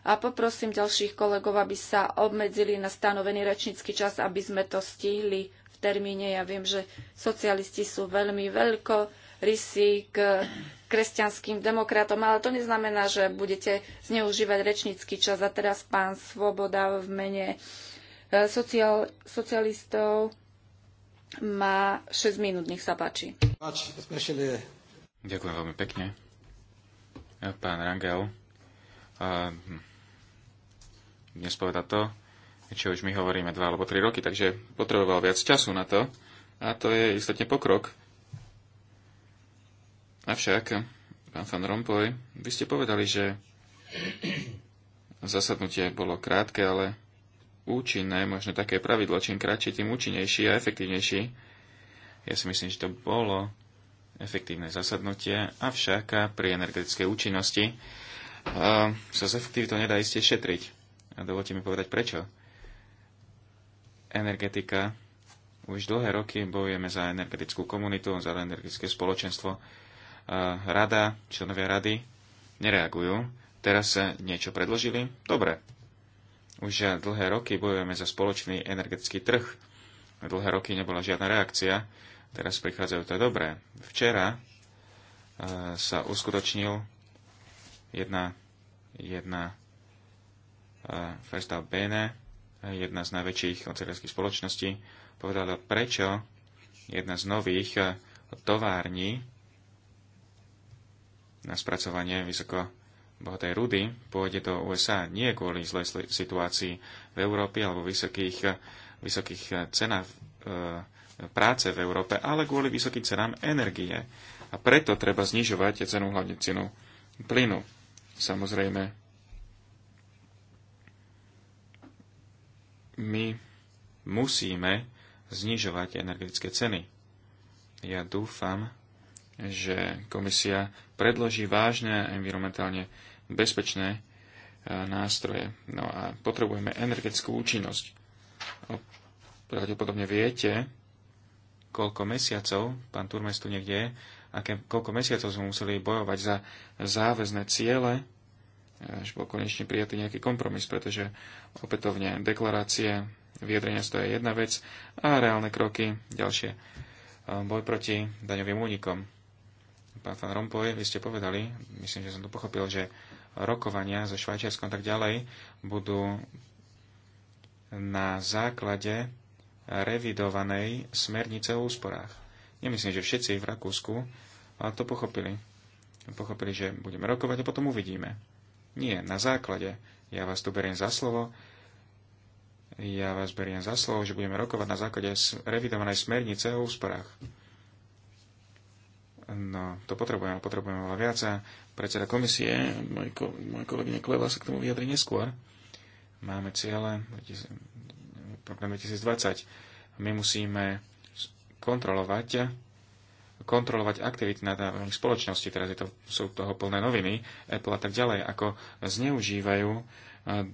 A poprosím ďalších kolegov, aby sa obmedzili na stanovený rečnícky čas, aby sme to stihli v termíne. Ja viem, že socialisti sú veľmi veľko rysí k kresťanským demokratom, ale to neznamená, že budete zneužívať rečnícky čas. A teraz pán Svoboda v mene eh, sociál, socialistov má 6 minút, nech sa páči. Ďakujem veľmi pekne. Pán Rangel hm, dnes poveda to, čo už my hovoríme 2 alebo 3 roky, takže potreboval viac času na to a to je istotne pokrok. Avšak, pán Van Rompuy, vy ste povedali, že zasadnutie bolo krátke, ale účinné, možno také pravidlo, čím kratšie, tým účinnejší a efektívnejší. Ja si myslím, že to bolo efektívne zasadnutie, avšak pri energetickej účinnosti uh, sa z efektivitou nedá iste šetriť. A dovolte mi povedať prečo. Energetika. Už dlhé roky bojujeme za energetickú komunitu, za energetické spoločenstvo. Uh, rada, členovia rady nereagujú. Teraz sa niečo predložili? Dobre, už dlhé roky bojujeme za spoločný energetický trh. Dlhé roky nebola žiadna reakcia. Teraz prichádzajú to dobré. Včera e, sa uskutočnil jedna, jedna e, Festal Bene, jedna z najväčších ocelárských spoločností, povedala, prečo jedna z nových e, tovární na spracovanie vysoko bohatej rudy pôjde do USA nie kvôli zlej situácii v Európe alebo vysokých, vysokých cenách e, práce v Európe, ale kvôli vysokým cenám energie. A preto treba znižovať cenu, hlavne cenu plynu. Samozrejme, my musíme znižovať energetické ceny. Ja dúfam, že komisia predloží vážne environmentálne bezpečné e, nástroje. No a potrebujeme energetickú účinnosť. Pravdepodobne viete, koľko mesiacov, pán Turmes tu niekde je, aké, koľko mesiacov sme museli bojovať za záväzné ciele, až bol konečne prijatý nejaký kompromis, pretože opätovne deklarácie, vyjadrenia to je jedna vec a reálne kroky ďalšie. E, boj proti daňovým únikom pán Van Rompuy, vy ste povedali, myslím, že som to pochopil, že rokovania so Švajčiarskom tak ďalej budú na základe revidovanej smernice o úsporách. Nemyslím, že všetci v Rakúsku ale to pochopili. Pochopili, že budeme rokovať a potom uvidíme. Nie, na základe. Ja vás tu beriem za slovo. Ja vás beriem za slovo, že budeme rokovať na základe revidovanej smernice o úsporách. No, to potrebujeme, potrebujeme veľa viac. A predseda komisie, môj, môj kolegyne Kleva sa k tomu vyjadri neskôr. Máme ciele, program 2020. My musíme kontrolovať kontrolovať aktivity nadávaných spoločnosti. Teraz je to, sú toho plné noviny, Apple a tak ďalej, ako zneužívajú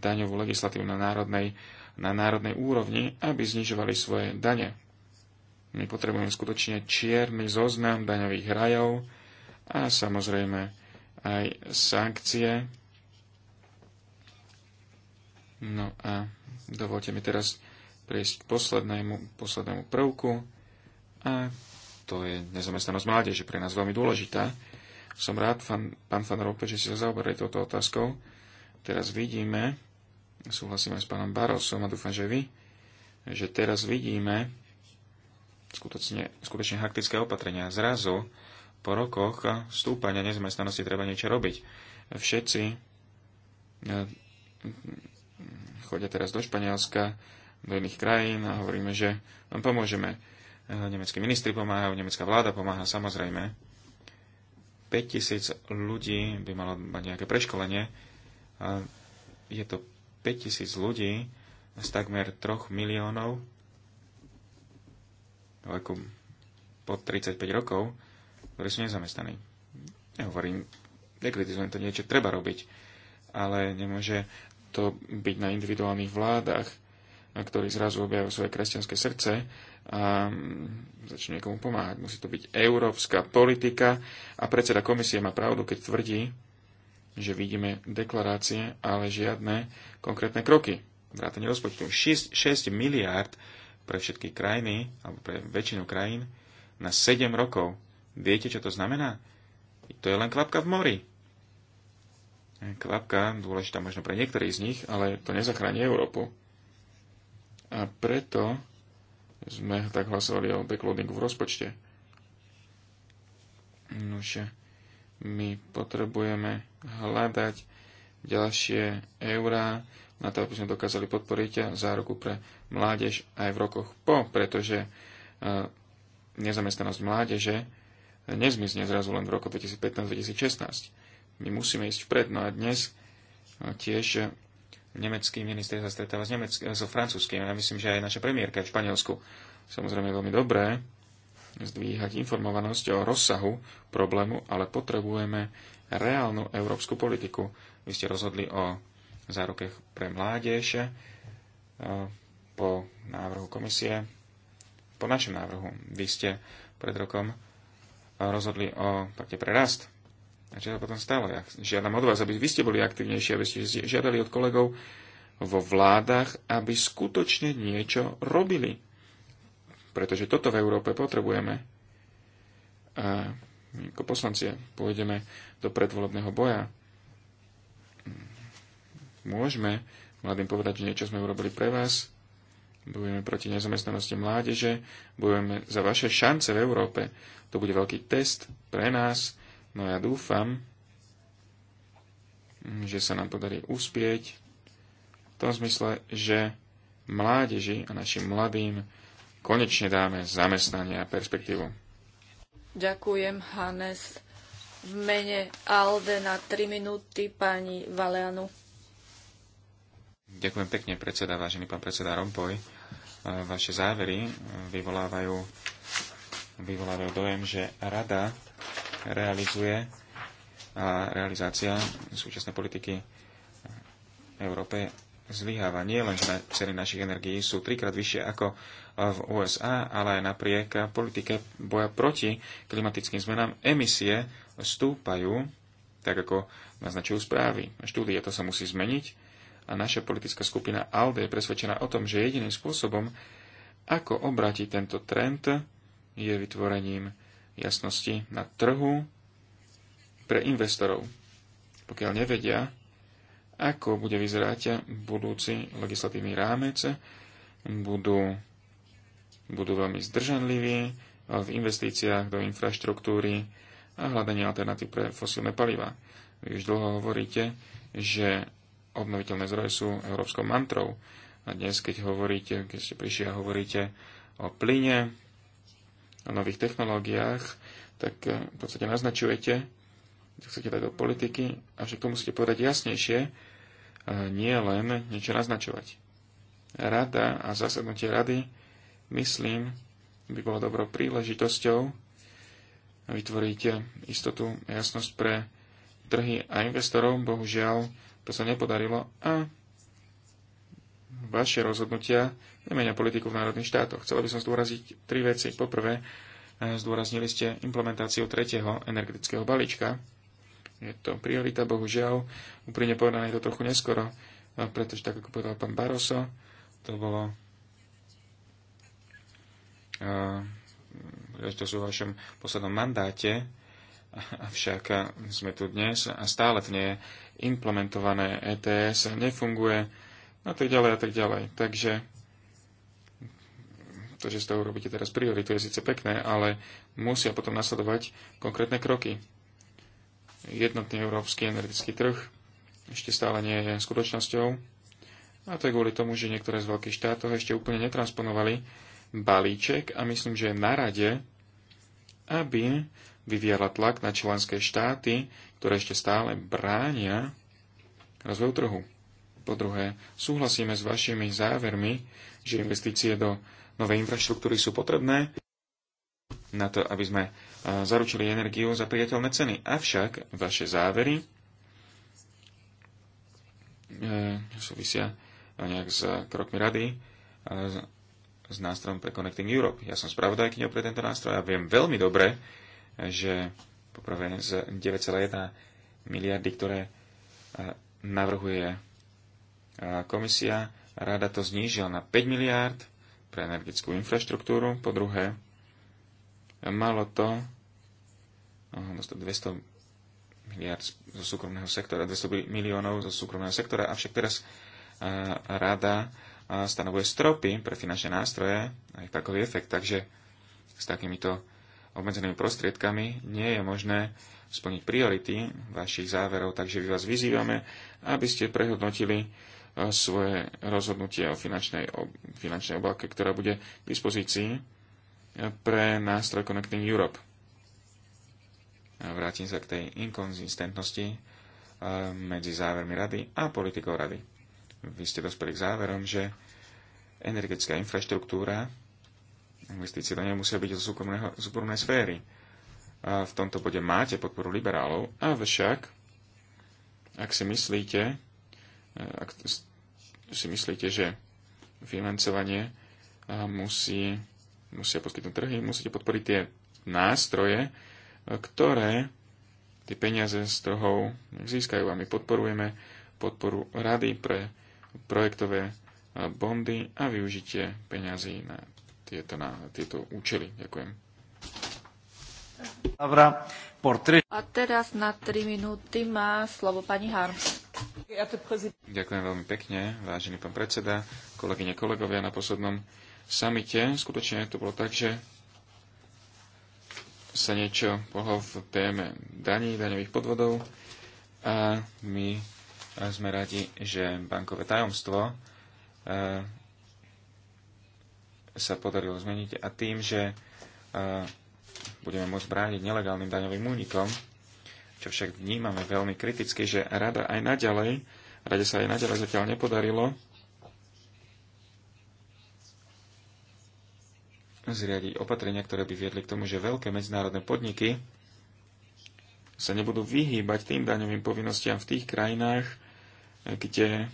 daňovú legislatívu na národnej, na národnej úrovni, aby znižovali svoje dane. My potrebujeme skutočne čierny zoznam daňových rajov a samozrejme aj sankcie. No a dovolte mi teraz prejsť k poslednému, poslednému prvku a to je nezamestnanosť mládeže, pre nás veľmi dôležitá. Som rád, fan, pán Fan Rope, že si sa zaoberali touto otázkou. Teraz vidíme, súhlasím aj s pánom Barosom a dúfam, že vy, že teraz vidíme, skutočne, skutočne haktické opatrenia. Zrazu po rokoch stúpania nezamestnanosti treba niečo robiť. Všetci e, chodia teraz do Španielska, do iných krajín a hovoríme, že vám pomôžeme. E, nemeckí ministri pomáhajú, nemecká vláda pomáha samozrejme. 5000 ľudí by malo mať nejaké preškolenie. Je to 5000 ľudí z takmer 3 miliónov veku pod 35 rokov, ktorí sú nezamestnaní. Nehovorím, nekritizujem to niečo, treba robiť, ale nemôže to byť na individuálnych vládach, ktorí zrazu objavujú svoje kresťanské srdce a mm, začne niekomu pomáhať. Musí to byť európska politika a predseda komisie má pravdu, keď tvrdí, že vidíme deklarácie, ale žiadne konkrétne kroky. Vrátanie rozpočtu 6, 6 miliárd pre všetky krajiny, alebo pre väčšinu krajín, na 7 rokov. Viete, čo to znamená? To je len kvapka v mori. E, kvapka, dôležitá možno pre niektorých z nich, ale to nezachráni Európu. A preto sme tak hlasovali o backloadingu v rozpočte. Nože, my potrebujeme hľadať ďalšie eurá, na to, aby sme dokázali podporiť záruku pre mládež aj v rokoch po, pretože e, nezamestnanosť mládeže nezmizne zrazu len v roku 2015-2016. My musíme ísť vpred. No a dnes e, tiež e, nemecký minister sa stretáva s, nemecký, so francúzským. Ja myslím, že aj naša premiérka v Španielsku. Samozrejme veľmi dobré zdvíhať informovanosť o rozsahu problému, ale potrebujeme reálnu európsku politiku. Vy ste rozhodli o záruke pre mládež e, po návrhu komisie, po našom návrhu. Vy ste pred rokom rozhodli o pakte pre rast. A čo sa potom stalo? Ja žiadam od vás, aby vy ste boli aktivnejší, aby ste žiadali od kolegov vo vládach, aby skutočne niečo robili. Pretože toto v Európe potrebujeme. A my ako poslanci pôjdeme do predvolebného boja môžeme mladým povedať, že niečo sme urobili pre vás, bojujeme proti nezamestnanosti mládeže, bojujeme za vaše šance v Európe. To bude veľký test pre nás, no ja dúfam, že sa nám podarí uspieť v tom zmysle, že mládeži a našim mladým konečne dáme zamestnanie a perspektívu. Ďakujem, Hannes. V mene Alde na 3 minúty pani Valeanu. Ďakujem pekne, predseda, vážený pán predseda Rompoj. Vaše závery vyvolávajú, vyvolávajú dojem, že rada realizuje a realizácia súčasnej politiky Európe zlyháva. Nie len, že ceny našich energií sú trikrát vyššie ako v USA, ale aj napriek politike boja proti klimatickým zmenám emisie stúpajú, tak ako naznačujú správy. Štúdie to sa musí zmeniť a naša politická skupina ALDE je presvedčená o tom, že jediným spôsobom, ako obratiť tento trend, je vytvorením jasnosti na trhu pre investorov. Pokiaľ nevedia, ako bude vyzerať budúci legislatívny rámec, budú, budú veľmi zdržanliví v investíciách do infraštruktúry a hľadanie alternatív pre fosílne paliva. Vy už dlho hovoríte, že obnoviteľné zdroje sú európskou mantrou. A dnes, keď hovoríte, keď ste prišli a hovoríte o plyne, o nových technológiách, tak eh, v podstate naznačujete, že chcete dať do politiky a však to musíte povedať jasnejšie, eh, nie len niečo naznačovať. Rada a zasadnutie rady, myslím, by bolo dobrou príležitosťou vytvoriť istotu, jasnosť pre trhy a investorov. Bohužiaľ, to sa nepodarilo a vaše rozhodnutia nemenia politiku v národných štátoch. Chcela by som zdôraziť tri veci. Poprvé, e, zdôraznili ste implementáciu tretieho energetického balíčka. Je to priorita, bohužiaľ. Úprimne povedané je to trochu neskoro, e, pretože tak ako povedal pán Baroso, to bolo e, to sú v vašom poslednom mandáte, Avšak sme tu dnes a stále to nie je implementované, ETS nefunguje a tak ďalej a tak ďalej. Takže to, že z toho robíte teraz prioritu, je síce pekné, ale musia potom nasledovať konkrétne kroky. Jednotný európsky energetický trh ešte stále nie je skutočnosťou. A to je kvôli tomu, že niektoré z veľkých štátov ešte úplne netransponovali balíček a myslím, že je na rade, aby vyviala tlak na členské štáty, ktoré ešte stále bránia rozvoju trhu. Po druhé, súhlasíme s vašimi závermi, že investície do novej infraštruktúry sú potrebné na to, aby sme zaručili energiu za priateľné ceny. Avšak vaše závery e, súvisia e, nejak s krokmi rady, s nástrojom pre Connecting Europe. Ja som spravodajkyňou pre tento nástroj a viem veľmi dobre, že poprvé z 9,1 miliardy, ktoré e, navrhuje e, komisia, rada to znížila na 5 miliard pre energetickú infraštruktúru, po druhé malo to 200 no, no, miliard zo súkromného sektora, 200 miliónov zo súkromného sektora, avšak teraz e, rada stanovuje stropy pre finančné nástroje, aj takový efekt, takže s takýmito obmedzenými prostriedkami nie je možné splniť priority vašich záverov, takže my vás vyzývame, aby ste prehodnotili e, svoje rozhodnutie o finančnej, o finančnej obálke, ktorá bude k dispozícii e, pre nástroj Connecting Europe. Vrátim sa k tej inkonzistentnosti e, medzi závermi rady a politikou rady. Vy ste dospeli k záverom, že energetická infraštruktúra Investície to nemusia byť zo súkromnej sféry. A v tomto bode máte podporu liberálov, avšak ak si myslíte, e, ak si myslíte, že financovanie e, musí, musia poskytnúť trhy, musíte podporiť tie nástroje, e, ktoré tie peniaze z trhov získajú. A my podporujeme podporu rady pre projektové bondy a využitie peňazí na tieto, na, tieto účely. Ďakujem. A teraz na 3 minúty má slovo pani Harms. Ďakujem veľmi pekne, vážený pán predseda, kolegyne, kolegovia na poslednom samite. Skutočne to bolo tak, že sa niečo pohlo v téme daní, daňových podvodov a my sme radi, že bankové tajomstvo sa podarilo zmeniť a tým, že e, budeme môcť brániť nelegálnym daňovým únikom, čo však vnímame veľmi kriticky, že rada aj naďalej, rade sa aj naďalej zatiaľ nepodarilo zriadiť opatrenia, ktoré by viedli k tomu, že veľké medzinárodné podniky sa nebudú vyhýbať tým daňovým povinnostiam v tých krajinách, kde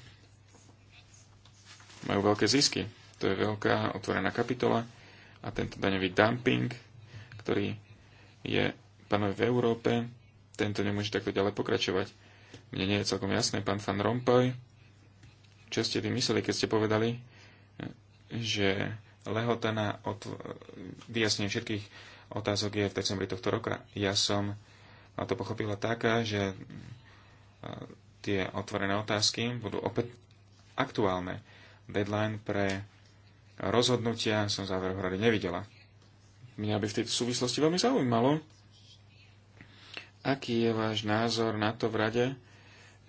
majú veľké zisky. To je veľká otvorená kapitola a tento daňový dumping, ktorý je panuje v Európe, tento nemôže takto ďalej pokračovať. Mne nie je celkom jasné, pán Van Rompuy, čo ste vy mysleli, keď ste povedali, že lehota na otv- vyjasnenie všetkých otázok je v decembri tohto roka. Ja som to pochopila taká, že e, tie otvorené otázky budú opäť aktuálne. Deadline pre rozhodnutia som záver hrady nevidela. Mňa by v tejto súvislosti veľmi zaujímalo, aký je váš názor na to v rade,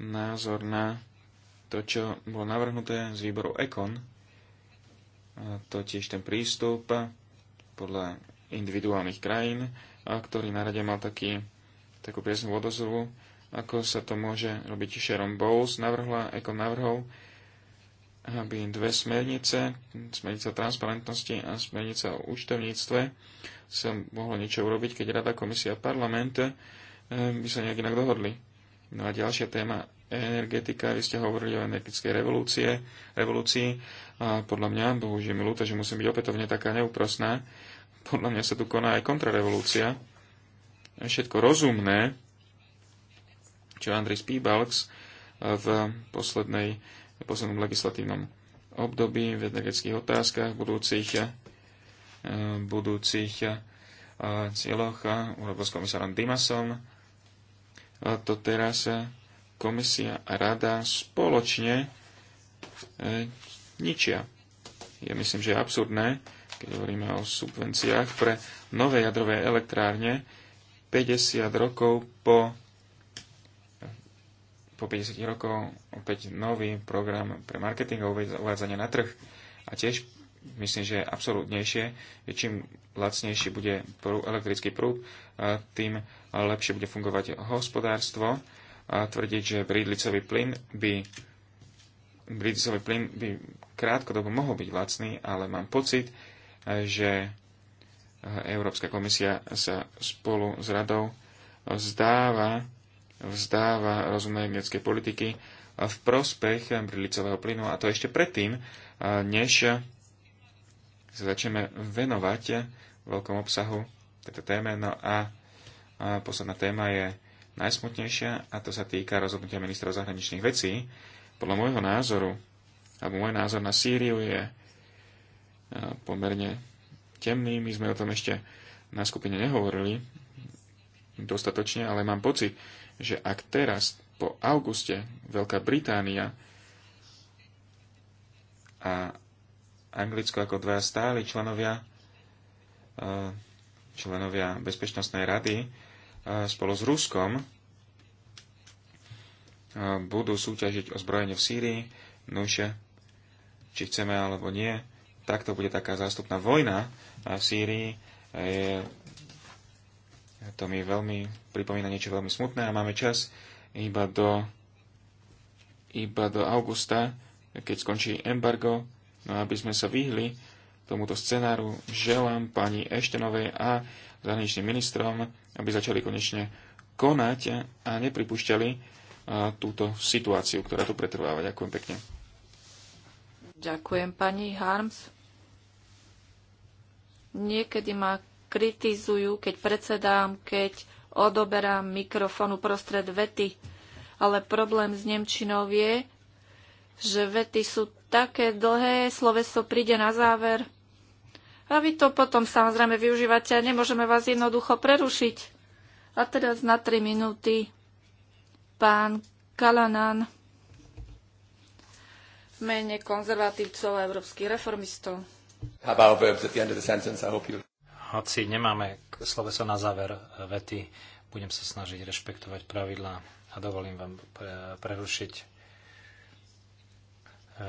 názor na to, čo bolo navrhnuté z výboru ECON, totiž ten prístup podľa individuálnych krajín, a ktorý na rade mal taký, takú priesnú odozvu, ako sa to môže robiť. Sharon Bowles navrhla, ECON navrhol, aby dve smernice, smernica transparentnosti a smernica o účtovníctve, sa mohlo niečo urobiť, keď Rada, Komisia a Parlament eh, by sa nejak inak dohodli. No a ďalšia téma, energetika. Vy ste hovorili o energetickej revolúcie, revolúcii. A podľa mňa, bohužiaľ mi ľúto, že musím byť opätovne taká neúprosná, podľa mňa sa tu koná aj kontrarevolúcia. Všetko rozumné, čo Andrej Spíbalks eh, v poslednej v poslednom legislatívnom období v energetických otázkach, budúcich, eh, budúcich eh, cieľoch eh, urobil s komisárom Dimasom. A to teraz komisia a rada spoločne ničia. Ja myslím, že je absurdné, keď hovoríme o subvenciách pre nové jadrové elektrárne 50 rokov po po 50 rokov opäť nový program pre marketing a uvádzanie na trh. A tiež myslím, že absolútnejšie, že čím lacnejší bude elektrický prúd, tým lepšie bude fungovať hospodárstvo. A tvrdiť, že brídlicový plyn by brídlicový plyn by krátkodobo mohol byť lacný, ale mám pocit, že Európska komisia sa spolu s radou zdáva vzdáva rozumnej energetickej politiky v prospech brilicového plynu a to ešte predtým, než sa začneme venovať veľkom obsahu tejto téme. No a posledná téma je najsmutnejšia a to sa týka rozhodnutia ministra zahraničných vecí. Podľa môjho názoru, alebo môj názor na Sýriu je e, pomerne temný. My sme o tom ešte na skupine nehovorili dostatočne, ale mám pocit, že ak teraz po auguste Veľká Británia a Anglicko ako dva stáli členovia, e, členovia Bezpečnostnej rady e, spolu s Ruskom e, budú súťažiť o zbrojenie v Sýrii, nuže, či chceme alebo nie, takto bude taká zástupná vojna v Sýrii. To mi veľmi pripomína niečo veľmi smutné a máme čas iba do, iba do augusta, keď skončí embargo, no aby sme sa vyhli tomuto scenáru, želám pani Eštenovej a zahraničným ministrom, aby začali konečne konať a nepripúšťali túto situáciu, ktorá tu pretrváva. Ďakujem pekne. Ďakujem pani Harms. Niekedy ma kritizujú, keď predsedám, keď odoberám mikrofónu prostred vety. Ale problém s Nemčinou je, že vety sú také dlhé, sloveso príde na záver. A vy to potom samozrejme využívate a nemôžeme vás jednoducho prerušiť. A teraz na 3 minúty pán Kalanan mene konzervatívcov a európskych reformistov. Have our verbs at the end of the sentence, I hope you hoci nemáme sloveso na záver vety, budem sa snažiť rešpektovať pravidlá a dovolím vám prerušiť. E, e,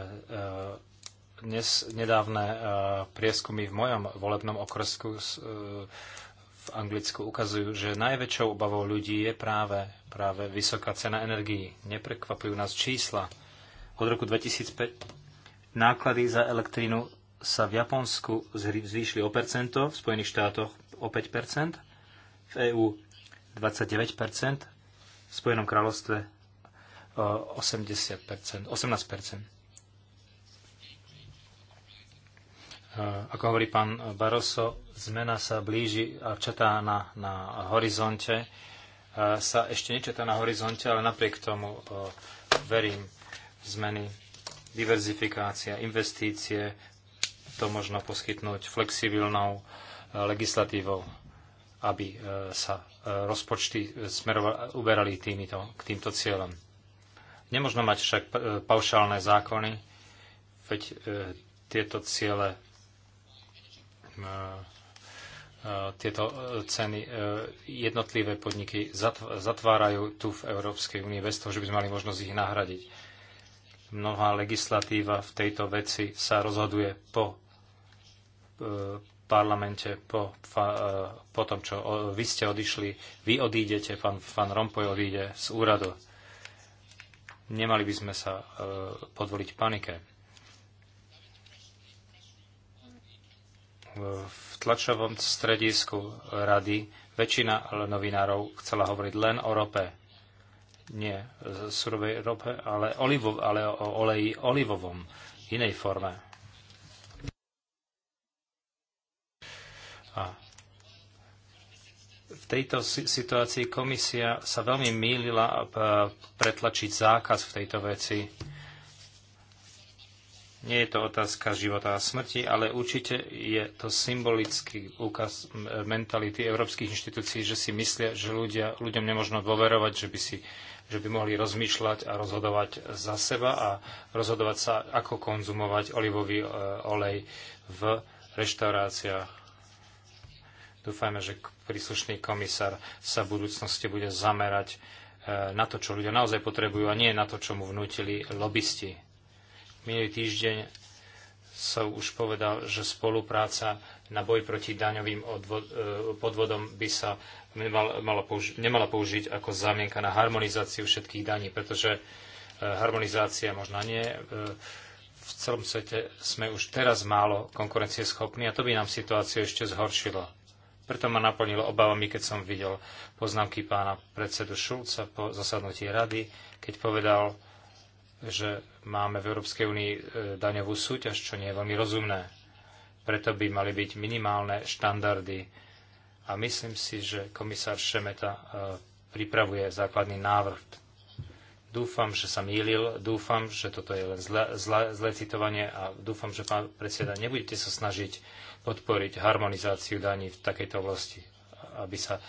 dnes nedávne e, prieskumy v mojom volebnom okresku v Anglicku ukazujú, že najväčšou obavou ľudí je práve, práve vysoká cena energií. Neprekvapujú nás čísla. Od roku 2005 náklady za elektrínu sa v Japonsku zvýšili o percento, v Spojených štátoch o 5%, v EÚ 29%, v Spojenom kráľovstve 80%, e, 18%. E, ako hovorí pán Barroso, zmena sa blíži a četá na, na horizonte. E, sa ešte nečetá na horizonte, ale napriek tomu verím v zmeny diverzifikácia, investície, to možno poskytnúť flexibilnou e, legislatívou, aby e, sa e, rozpočty uberali týmito, k týmto cieľom. Nemožno mať však paušálne zákony, veď tieto ciele tieto ceny jednotlivé podniky zatvárajú tu v Európskej únii bez toho, že by sme mali možnosť ich nahradiť. Mnohá legislatíva v tejto veci sa rozhoduje po Eh, parlamente po, eh, po tom, čo vy ste odišli, vy odídete, pán, pán Rompoj odíde z úradu. Nemali by sme sa eh, podvoliť panike. V tlačovom stredisku rady väčšina novinárov chcela hovoriť len o rope. Nie surovej rope, ale, olivo, ale o oleji olivovom, inej forme A v tejto situácii komisia sa veľmi mýlila pretlačiť zákaz v tejto veci. Nie je to otázka života a smrti, ale určite je to symbolický úkaz mentality európskych inštitúcií, že si myslia, že ľudia, ľuďom nemožno dôverovať, že by, si, že by mohli rozmýšľať a rozhodovať za seba a rozhodovať sa, ako konzumovať olivový e, olej v reštauráciách. Dúfajme, že príslušný komisár sa v budúcnosti bude zamerať e, na to, čo ľudia naozaj potrebujú a nie na to, čo mu vnútili lobbysti. Minulý týždeň som už povedal, že spolupráca na boj proti daňovým e, podvodom by sa nemal, použi nemala použiť ako zámienka na harmonizáciu všetkých daní, pretože e, harmonizácia možno nie. V celom svete sme už teraz málo konkurencieschopní a to by nám situáciu ešte zhoršilo preto ma naplnilo obavami, keď som videl poznámky pána predsedu Šulca po zasadnutí rady, keď povedal, že máme v Európskej únii e, daňovú súťaž, čo nie je veľmi rozumné. Preto by mali byť minimálne štandardy. A myslím si, že komisár Šemeta e, pripravuje základný návrh Dúfam, že sa mýlil, dúfam, že toto je len zle, zle, zlé citovanie a dúfam, že pán predseda, nebudete sa snažiť podporiť harmonizáciu daní v takejto oblasti, aby sa e,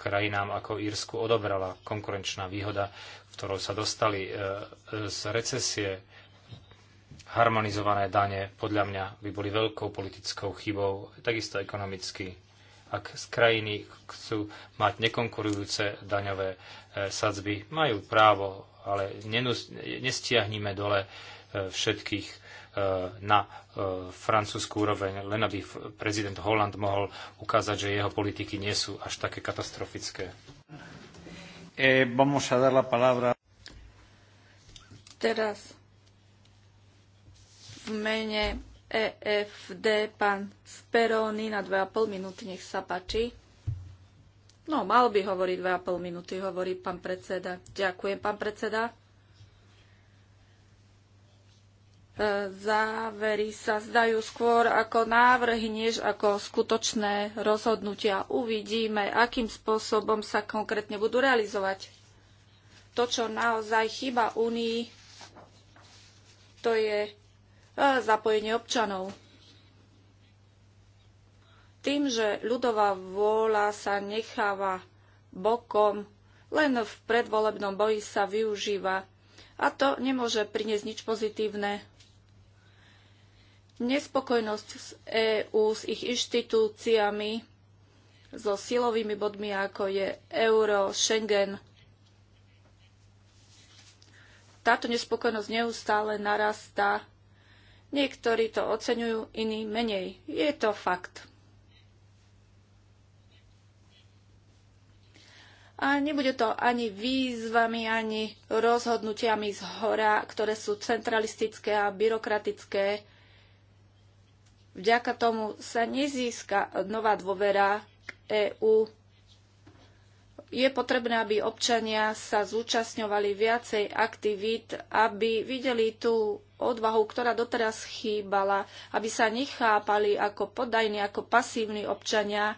krajinám ako Írsku odobrala konkurenčná výhoda, v ktorou sa dostali e, z recesie. Harmonizované dane podľa mňa by boli veľkou politickou chybou, takisto ekonomicky ak z krajiny chcú mať nekonkurujúce daňové e, sadzby, majú právo, ale nestiahnime dole e, všetkých e, na francúzskú úroveň, len aby prezident Holland mohol ukázať, že jeho politiky nie sú až také katastrofické. Teraz v mene EFD, pán Speroni na 2,5 minúty, nech sa páči. No, mal by hovoriť 2,5 minúty, hovorí pán predseda. Ďakujem, pán predseda. E, závery sa zdajú skôr ako návrhy, než ako skutočné rozhodnutia. Uvidíme, akým spôsobom sa konkrétne budú realizovať. To, čo naozaj chýba Únii, to je zapojenie občanov. Tým, že ľudová vôľa sa necháva bokom, len v predvolebnom boji sa využíva a to nemôže priniesť nič pozitívne. Nespokojnosť z EÚ s ich inštitúciami, so silovými bodmi, ako je euro, Schengen, táto nespokojnosť neustále narastá Niektorí to oceňujú, iní menej. Je to fakt. A nebude to ani výzvami, ani rozhodnutiami z hora, ktoré sú centralistické a byrokratické. Vďaka tomu sa nezíska nová dôvera k EÚ. Je potrebné, aby občania sa zúčastňovali viacej aktivít, aby videli tú odvahu, ktorá doteraz chýbala, aby sa nechápali ako podajní, ako pasívni občania,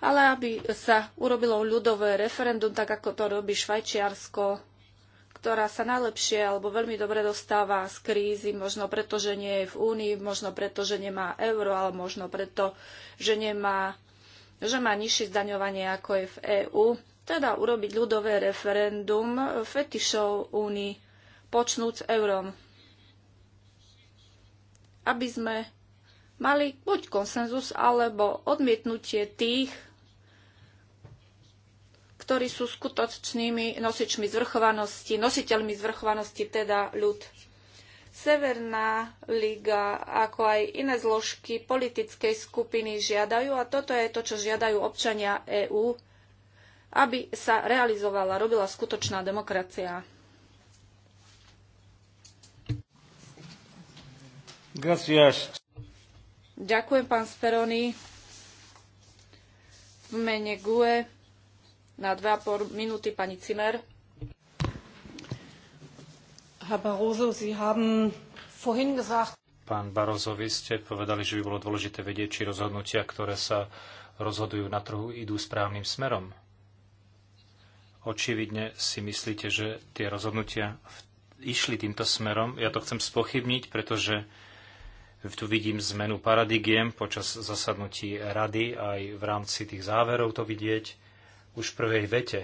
ale aby sa urobilo ľudové referendum, tak ako to robí Švajčiarsko, ktorá sa najlepšie alebo veľmi dobre dostáva z krízy, možno preto, že nie je v Únii, možno preto, že nemá euro, ale možno preto, že, nemá, že má nižšie zdaňovanie ako je v EÚ. Teda urobiť ľudové referendum fetišov Únii počnúc eurom. Aby sme mali buď konsenzus alebo odmietnutie tých, ktorí sú skutočnými nosičmi zvrchovanosti, nositeľmi zvrchovanosti, teda ľud. Severná liga, ako aj iné zložky politickej skupiny žiadajú, a toto je to, čo žiadajú občania EÚ, aby sa realizovala, robila skutočná demokracia. Gracias. Ďakujem, pán Speroni. V mene GUE na 2,5 minúty pani Cimer. Herr Barroso, Sie haben vorhin gesagt... Pán Barroso, vy ste povedali, že by bolo dôležité vedieť, či rozhodnutia, ktoré sa rozhodujú na trhu, idú správnym smerom. Očividne si myslíte, že tie rozhodnutia išli týmto smerom. Ja to chcem spochybniť, pretože tu vidím zmenu paradigiem počas zasadnutí rady, aj v rámci tých záverov to vidieť. Už v prvej vete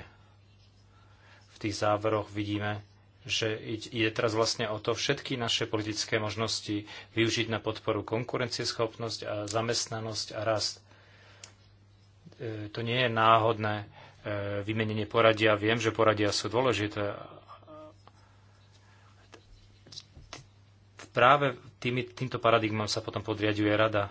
v tých záveroch vidíme, že ide teraz vlastne o to všetky naše politické možnosti využiť na podporu konkurencieschopnosť a zamestnanosť a rast. E, to nie je náhodné e, vymenenie poradia. Viem, že poradia sú dôležité. Práve Tými, týmto paradigmám sa potom podriaduje rada.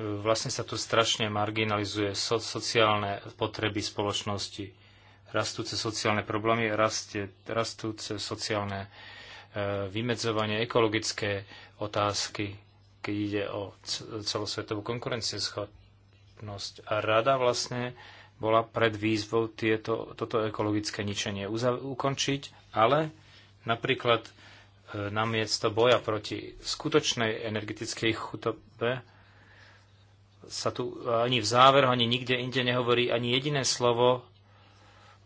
Vlastne sa tu strašne marginalizuje so, sociálne potreby spoločnosti, rastúce sociálne problémy, rastie, rastúce sociálne e, vymedzovanie, ekologické otázky, keď ide o celosvetovú konkurencieschopnosť. A rada vlastne bola pred výzvou tieto, toto ekologické ničenie ukončiť, ale Napríklad e, namiesto boja proti skutočnej energetickej chutobe sa tu ani v záveru, ani nikde inde nehovorí ani jediné slovo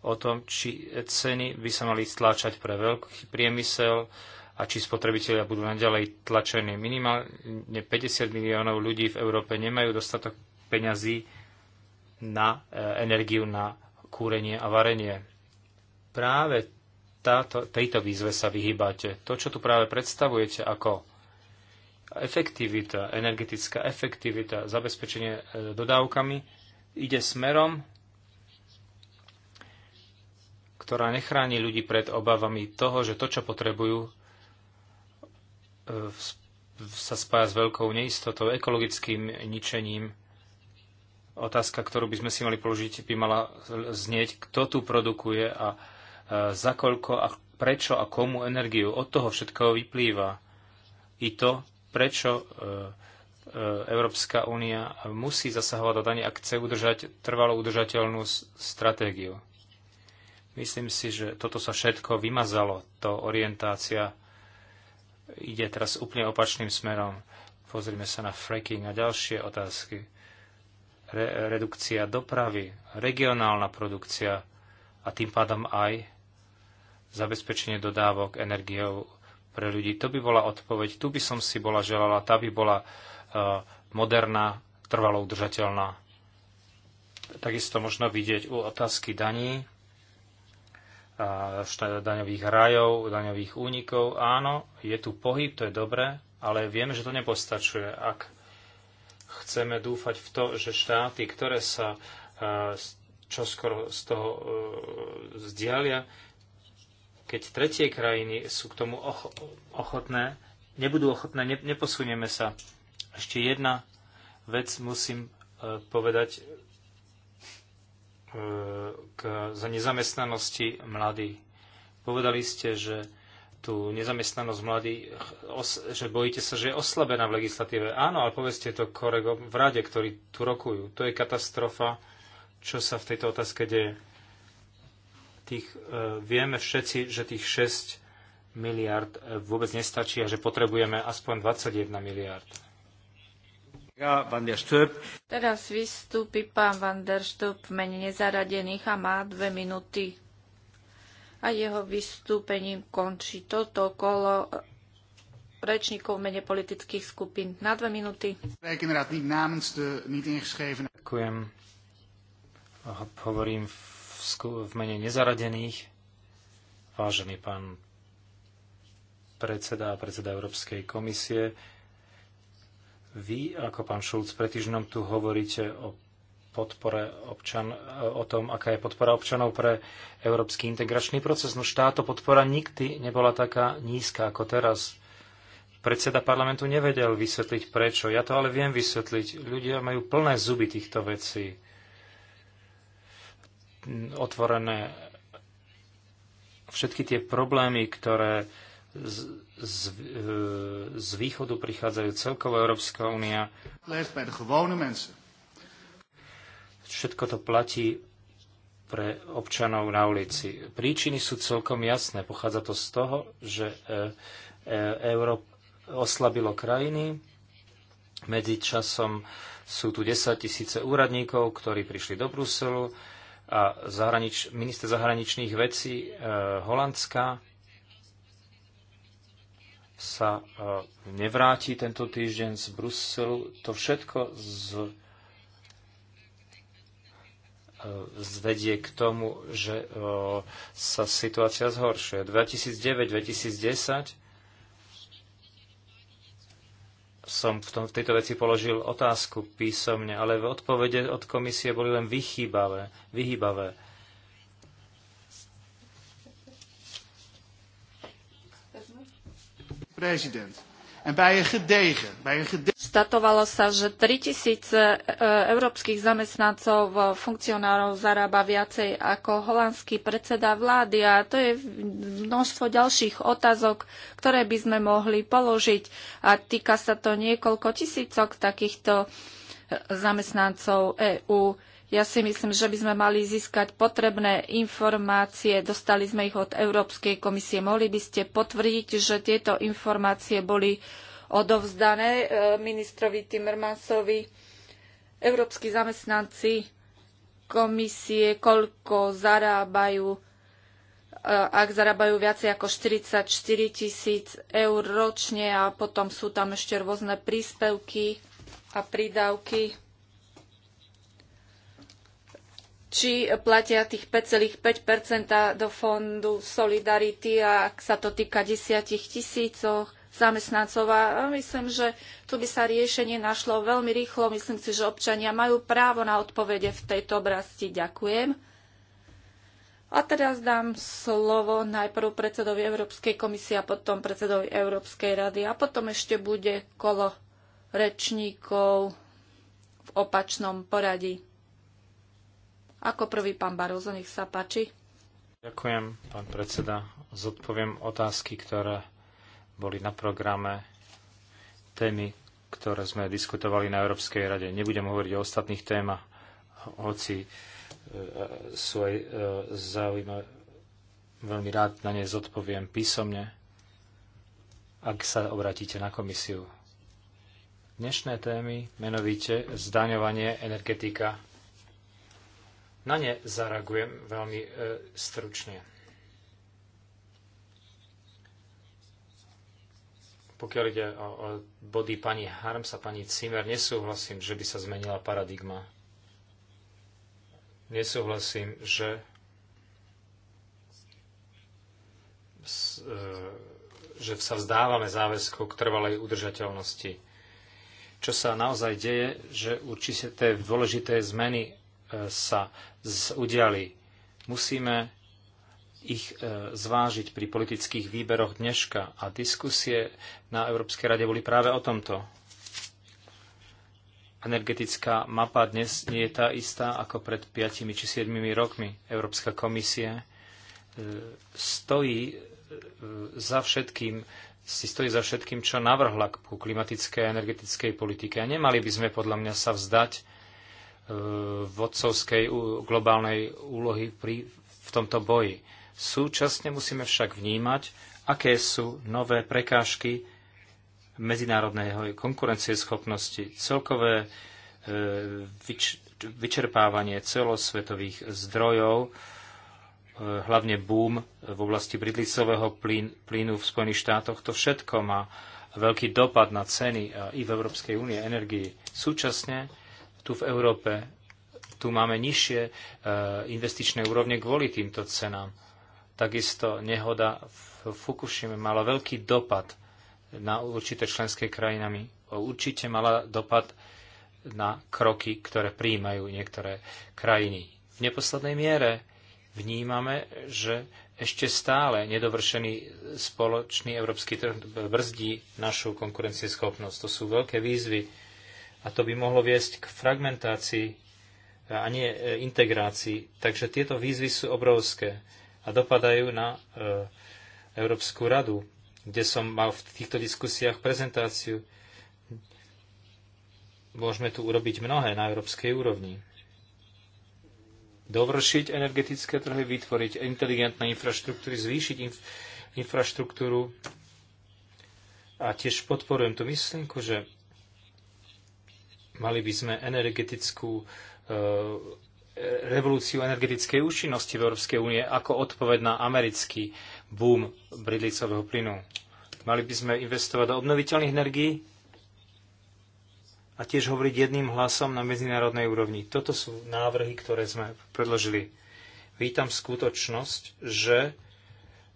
o tom, či ceny by sa mali stláčať pre veľký priemysel a či spotrebitelia budú naďalej tlačení. Minimálne 50 miliónov ľudí v Európe nemajú dostatok peňazí na e, energiu, na kúrenie a varenie. Práve táto, tejto výzve sa vyhýbate. To, čo tu práve predstavujete ako efektivita, energetická efektivita, zabezpečenie e, dodávkami, ide smerom, ktorá nechráni ľudí pred obavami toho, že to, čo potrebujú, e, sa spája s veľkou neistotou, ekologickým ničením. Otázka, ktorú by sme si mali položiť, by mala znieť, kto tu produkuje a E, za koľko a prečo a komu energiu. Od toho všetkého vyplýva i to, prečo e, e, Európska únia musí zasahovať do dane, ak chce udržať trvalú udržateľnú stratégiu. Myslím si, že toto sa všetko vymazalo, to orientácia ide teraz úplne opačným smerom. Pozrime sa na fracking a ďalšie otázky. Re, redukcia dopravy, regionálna produkcia a tým pádom aj zabezpečenie dodávok energiou pre ľudí. To by bola odpoveď. Tu by som si bola želala, tá by bola e, moderná, trvalo udržateľná. Takisto možno vidieť u otázky daní, e, daňových rajov, daňových únikov. Áno, je tu pohyb, to je dobré, ale vieme, že to nepostačuje. Ak chceme dúfať v to, že štáty, ktoré sa e, čo skoro z toho vzdialia, keď tretie krajiny sú k tomu ochotné, nebudú ochotné, ne, neposunieme sa. Ešte jedna vec musím e, povedať e, k, za nezamestnanosti mladých. Povedali ste, že tú nezamestnanosť mladých, os, že bojíte sa, že je oslabená v legislatíve. Áno, ale povedzte to kolegom v rade, ktorí tu rokujú. To je katastrofa, čo sa v tejto otázke deje. Tých, e, vieme všetci, že tých 6 miliard e, vôbec nestačí a že potrebujeme aspoň 21 miliard. Teraz vystúpi pán Van der Stöp v mene nezaradených a má dve minúty. A jeho vystúpením končí toto kolo rečníkov v mene politických skupín. Na dve minúty. Ďakujem. Hovorím v v mene nezaradených. Vážený pán predseda a predseda Európskej komisie, vy ako pán Šulc pred týždňom tu hovoríte o podpore občan, o tom, aká je podpora občanov pre európsky integračný proces. No štáto podpora nikdy nebola taká nízka ako teraz. Predseda parlamentu nevedel vysvetliť prečo. Ja to ale viem vysvetliť. Ľudia majú plné zuby týchto vecí otvorené všetky tie problémy, ktoré z, z, z východu prichádzajú celkovo Európska únia. Všetko to platí pre občanov na ulici. Príčiny sú celkom jasné. Pochádza to z toho, že e, e, euro oslabilo krajiny. Medzi časom sú tu 10 tisíce úradníkov, ktorí prišli do Bruselu a zahranič, minister zahraničných vecí e, Holandska sa e, nevráti tento týždeň z Bruselu. To všetko z, e, zvedie k tomu, že e, sa situácia zhoršuje. 2009-2010 som v, tom, v tejto veci položil otázku písomne, ale v odpovede od komisie boli len vychýbavé. vychýbavé. Prezident. En bij een gedegen, bij een gedegen Konštatovalo sa, že 3000 e, európskych zamestnancov, e, funkcionárov zarába viacej ako holandský predseda vlády a to je množstvo ďalších otázok, ktoré by sme mohli položiť a týka sa to niekoľko tisícok takýchto e, zamestnancov EÚ. Ja si myslím, že by sme mali získať potrebné informácie. Dostali sme ich od Európskej komisie. Mohli by ste potvrdiť, že tieto informácie boli odovzdané e, ministrovi Timmermansovi. Európsky zamestnanci komisie, koľko zarábajú, e, ak zarábajú viacej ako 44 tisíc eur ročne a potom sú tam ešte rôzne príspevky a prídavky či platia tých 5,5 do fondu Solidarity a ak sa to týka desiatich tisícoch zamestnancov. A myslím, že tu by sa riešenie našlo veľmi rýchlo. Myslím si, že občania majú právo na odpovede v tejto oblasti. Ďakujem. A teraz dám slovo najprv predsedovi Európskej komisie a potom predsedovi Európskej rady a potom ešte bude kolo rečníkov v opačnom poradí. Ako prvý pán Barozo, nech sa páči. Ďakujem, pán predseda. Zodpoviem otázky, ktoré boli na programe témy, ktoré sme diskutovali na Európskej rade. Nebudem hovoriť o ostatných témach, hoci e, sú aj e, zaujímavé. Veľmi rád na ne zodpoviem písomne, ak sa obratíte na komisiu. Dnešné témy, menovite zdaňovanie, energetika. Na ne zareagujem veľmi e, stručne. Pokiaľ ide o, o body pani Harms a pani Cimer, nesúhlasím, že by sa zmenila paradigma. Nesúhlasím, že e, že sa vzdávame záväzkov k trvalej udržateľnosti. Čo sa naozaj deje, že určite tie dôležité zmeny e, sa udiali. Musíme ich e, zvážiť pri politických výberoch dneška. A diskusie na Európskej rade boli práve o tomto. Energetická mapa dnes nie je tá istá ako pred 5 či 7 rokmi. Európska komisia e, stojí e, za všetkým, si stojí za všetkým, čo navrhla ku klimatickej a energetickej politike. A nemali by sme podľa mňa sa vzdať vodcovskej globálnej úlohy pri, v tomto boji. Súčasne musíme však vnímať, aké sú nové prekážky medzinárodnej konkurencieschopnosti, celkové e, vyčerpávanie celosvetových zdrojov, e, hlavne boom v oblasti bridlicového plynu v Spojených štátoch, to všetko má veľký dopad na ceny i v Európskej únie energii. Súčasne tu v Európe tu máme nižšie e, investičné úrovne kvôli týmto cenám. Takisto nehoda v Fukushime mala veľký dopad na určité členské krajinami. Určite mala dopad na kroky, ktoré príjmajú niektoré krajiny. V neposlednej miere vnímame, že ešte stále nedovršený spoločný európsky trh brzdí našu konkurencieschopnosť. To sú veľké výzvy a to by mohlo viesť k fragmentácii a nie e, integrácii. Takže tieto výzvy sú obrovské a dopadajú na e, Európsku radu, kde som mal v týchto diskusiách prezentáciu. Môžeme tu urobiť mnohé na európskej úrovni. Dovršiť energetické trhy, vytvoriť inteligentné infraštruktúry, zvýšiť inf- infraštruktúru. A tiež podporujem tú myšlienku, že mali by sme energetickú e revolúciu energetickej účinnosti v Európskej únie ako odpoveď na americký boom bridlicového plynu. Mali by sme investovať do obnoviteľných energií a tiež hovoriť jedným hlasom na medzinárodnej úrovni. Toto sú návrhy, ktoré sme predložili. Vítam skutočnosť, že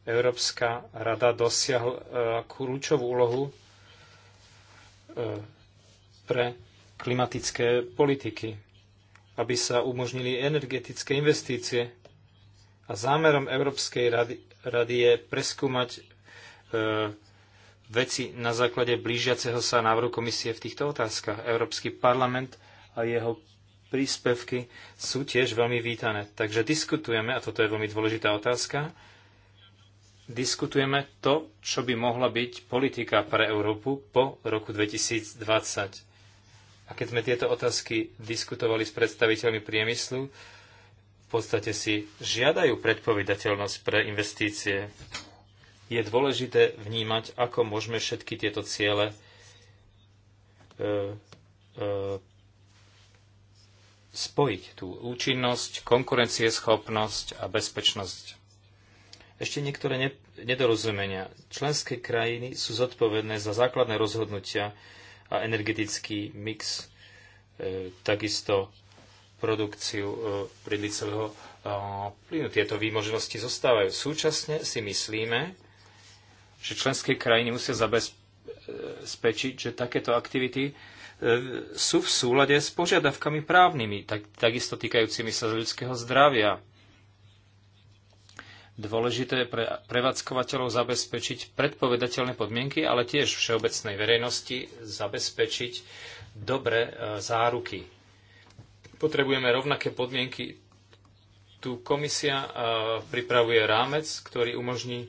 Európska rada dosiahla e, kľúčovú úlohu e, pre klimatické politiky aby sa umožnili energetické investície. A zámerom Európskej rady, rady je preskúmať e, veci na základe blížiaceho sa návrhu komisie v týchto otázkach. Európsky parlament a jeho príspevky sú tiež veľmi vítané. Takže diskutujeme, a toto je veľmi dôležitá otázka, diskutujeme to, čo by mohla byť politika pre Európu po roku 2020 a keď sme tieto otázky diskutovali s predstaviteľmi priemyslu, v podstate si žiadajú predpovedateľnosť pre investície. Je dôležité vnímať, ako môžeme všetky tieto ciele e, e, spojiť tú účinnosť, konkurencieschopnosť a bezpečnosť. Ešte niektoré nedorozumenia. Členské krajiny sú zodpovedné za základné rozhodnutia, a energetický mix, e, takisto produkciu bridlicového e, plynu. Tieto výmožnosti zostávajú. Súčasne si myslíme, že členské krajiny musia zabezpečiť, že takéto aktivity e, sú v súlade s požiadavkami právnymi, tak, takisto týkajúcimi sa ľudského zdravia, dôležité pre prevádzkovateľov zabezpečiť predpovedateľné podmienky, ale tiež všeobecnej verejnosti zabezpečiť dobre záruky. Potrebujeme rovnaké podmienky. Tu komisia e, pripravuje rámec, ktorý umožní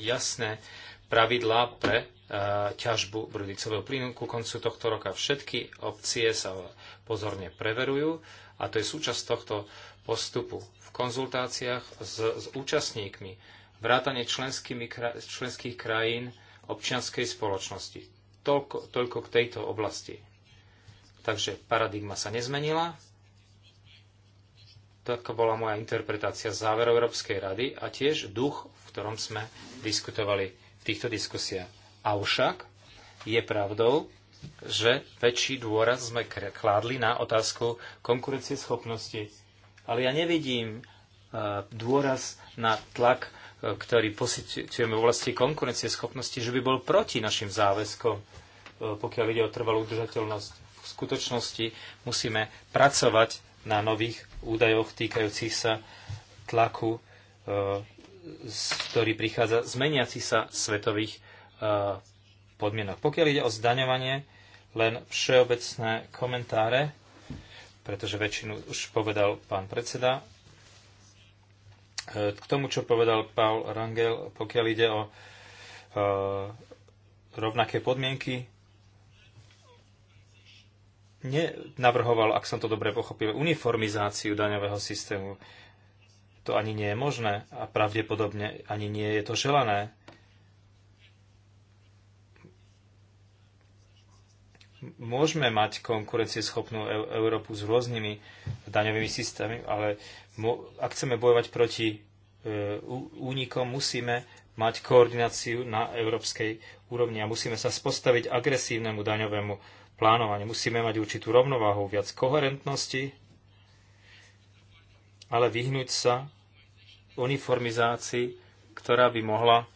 jasné pravidlá pre e, ťažbu brudicového plynu. Ku koncu tohto roka všetky opcie sa pozorne preverujú a to je súčasť tohto postupu konzultáciách s, s účastníkmi, vrátane členských krajín občianskej spoločnosti. Toľko, toľko k tejto oblasti. Takže paradigma sa nezmenila. Taká bola moja interpretácia záverov Európskej rady a tiež duch, v ktorom sme diskutovali v týchto diskusiách. Avšak je pravdou, že väčší dôraz sme kládli na otázku konkurencieschopnosti ale ja nevidím e, dôraz na tlak, e, ktorý posiťujeme v oblasti konkurencie schopnosti, že by bol proti našim záväzkom, e, pokiaľ ide o trvalú udržateľnosť. V skutočnosti musíme pracovať na nových údajoch týkajúcich sa tlaku, ktorý prichádza z meniacich sa svetových podmienok. Pokiaľ ide o zdaňovanie, len všeobecné komentáre pretože väčšinu už povedal pán predseda. E, k tomu, čo povedal Paul Rangel, pokiaľ ide o e, rovnaké podmienky, nenavrhoval, ak som to dobre pochopil, uniformizáciu daňového systému. To ani nie je možné a pravdepodobne ani nie je to želané. môžeme mať konkurencieschopnú Európu s rôznymi daňovými systémy, ale ak chceme bojovať proti e, únikom, musíme mať koordináciu na európskej úrovni a musíme sa spostaviť agresívnemu daňovému plánovaniu. Musíme mať určitú rovnováhu, viac koherentnosti, ale vyhnúť sa uniformizácii, ktorá by mohla e,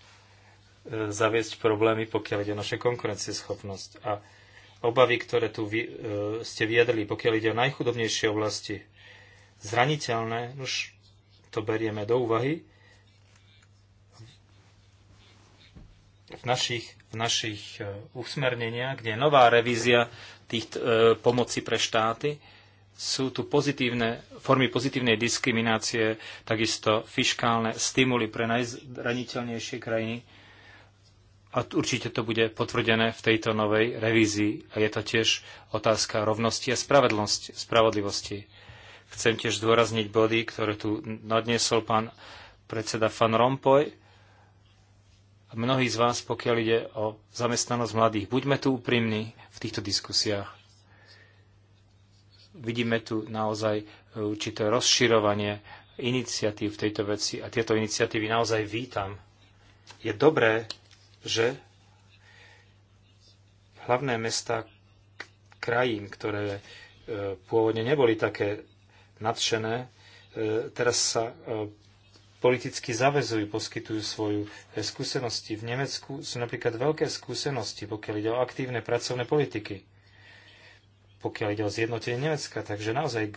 zaviesť problémy, pokiaľ ide o naše konkurencieschopnosť. A obavy, ktoré tu vy, e, ste vyjadrili, pokiaľ ide o najchudobnejšie oblasti, zraniteľné, už to berieme do úvahy. V našich, v našich e, usmerneniach, kde je nová revízia tých e, pomoci pre štáty, sú tu pozitívne, formy pozitívnej diskriminácie, takisto fiskálne stimuly pre najzraniteľnejšie krajiny, a určite to bude potvrdené v tejto novej revízii a je to tiež otázka rovnosti a spravodlivosti. Chcem tiež zdôrazniť body, ktoré tu nadniesol pán predseda Van Rompuy. Mnohí z vás, pokiaľ ide o zamestnanosť mladých, buďme tu úprimní v týchto diskusiách. Vidíme tu naozaj určité rozširovanie iniciatív v tejto veci a tieto iniciatívy naozaj vítam. Je dobré že hlavné mesta krajín, ktoré e, pôvodne neboli také nadšené, e, teraz sa e, politicky zavezujú, poskytujú svoju skúsenosti. V Nemecku sú napríklad veľké skúsenosti, pokiaľ ide o aktívne pracovné politiky, pokiaľ ide o zjednotenie Nemecka. Takže naozaj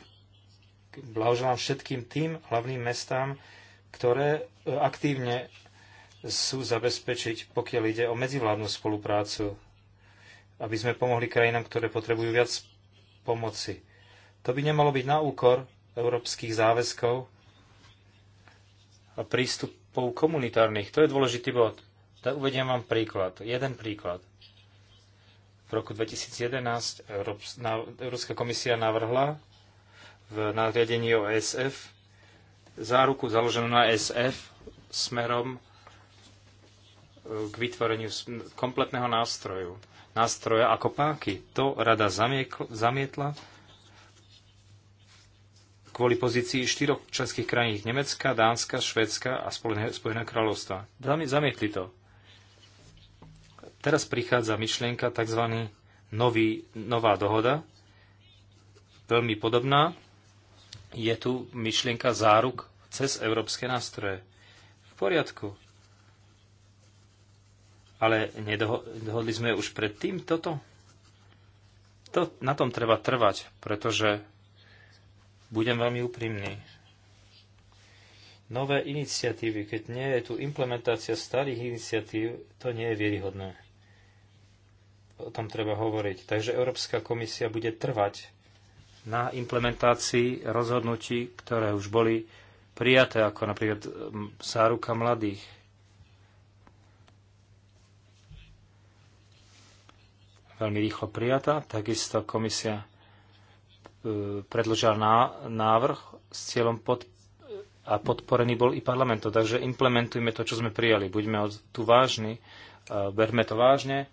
blahoželám všetkým tým hlavným mestám, ktoré aktívne sú zabezpečiť, pokiaľ ide o medzivládnu spoluprácu, aby sme pomohli krajinám, ktoré potrebujú viac pomoci. To by nemalo byť na úkor európskych záväzkov a prístupov komunitárnych. To je dôležitý bod. Tak uvediem vám príklad. Jeden príklad. V roku 2011 Európska komisia navrhla v nariadení o ESF záruku založenú na e SF smerom k vytvoreniu kompletného nástroju, nástroja ako páky. To rada zamietla kvôli pozícii štyroch členských krajín Nemecka, Dánska, Švedska a Spojeného kráľovstva. Zamietli to. Teraz prichádza myšlienka tzv. Nový, nová dohoda, veľmi podobná. Je tu myšlienka záruk cez európske nástroje. V poriadku. Ale nedohodli sme už predtým toto? To, na tom treba trvať, pretože budem veľmi úprimný. Nové iniciatívy, keď nie je tu implementácia starých iniciatív, to nie je vieryhodné. O tom treba hovoriť. Takže Európska komisia bude trvať na implementácii rozhodnutí, ktoré už boli prijaté, ako napríklad záruka mladých, veľmi rýchlo prijatá. Takisto komisia e, predložila návrh s cieľom pod, a podporený bol i parlamento. Takže implementujme to, čo sme prijali. Buďme tu vážni, e, berme to vážne.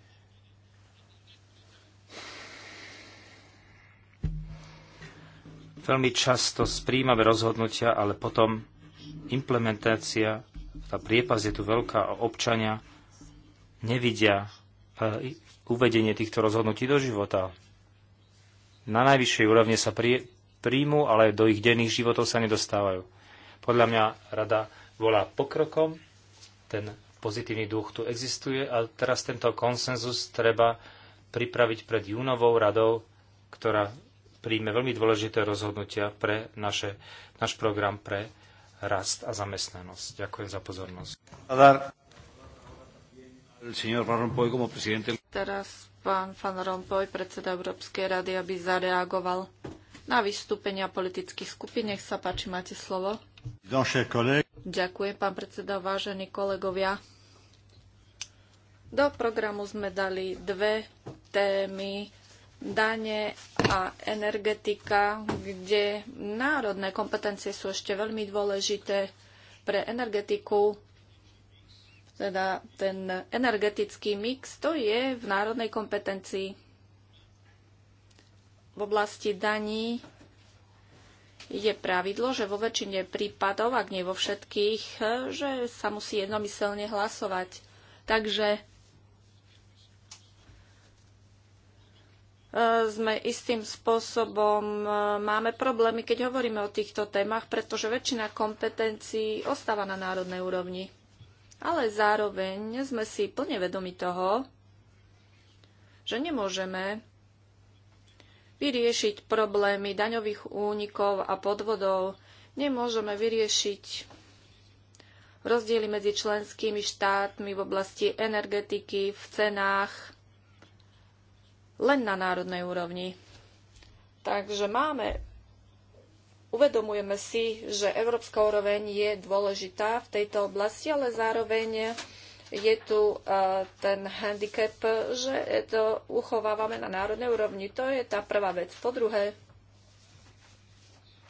Veľmi často spríjmame rozhodnutia, ale potom implementácia, tá priepas je tu veľká a občania nevidia uvedenie týchto rozhodnutí do života. Na najvyššej úrovne sa príjmu, ale do ich denných životov sa nedostávajú. Podľa mňa rada volá pokrokom, ten pozitívny duch tu existuje a teraz tento konsenzus treba pripraviť pred júnovou radou, ktorá príjme veľmi dôležité rozhodnutia pre naše, náš program pre rast a zamestnanosť. Ďakujem za pozornosť. Teraz pán Van Rompuy, predseda Európskej rady, aby zareagoval na vystúpenia politických skupín. Nech sa páči, máte slovo. Ďakujem, pán predseda, vážení kolegovia. Do programu sme dali dve témy dane a energetika, kde národné kompetencie sú ešte veľmi dôležité pre energetiku teda ten energetický mix, to je v národnej kompetencii. V oblasti daní je pravidlo, že vo väčšine prípadov, ak nie vo všetkých, že sa musí jednomyselne hlasovať. Takže e, sme istým spôsobom, e, máme problémy, keď hovoríme o týchto témach, pretože väčšina kompetencií ostáva na národnej úrovni ale zároveň sme si plne vedomi toho, že nemôžeme vyriešiť problémy daňových únikov a podvodov, nemôžeme vyriešiť rozdiely medzi členskými štátmi v oblasti energetiky, v cenách, len na národnej úrovni. Takže máme Uvedomujeme si, že európska úroveň je dôležitá v tejto oblasti, ale zároveň je tu e, ten handicap, že to uchovávame na národnej úrovni. To je tá prvá vec. Po druhé,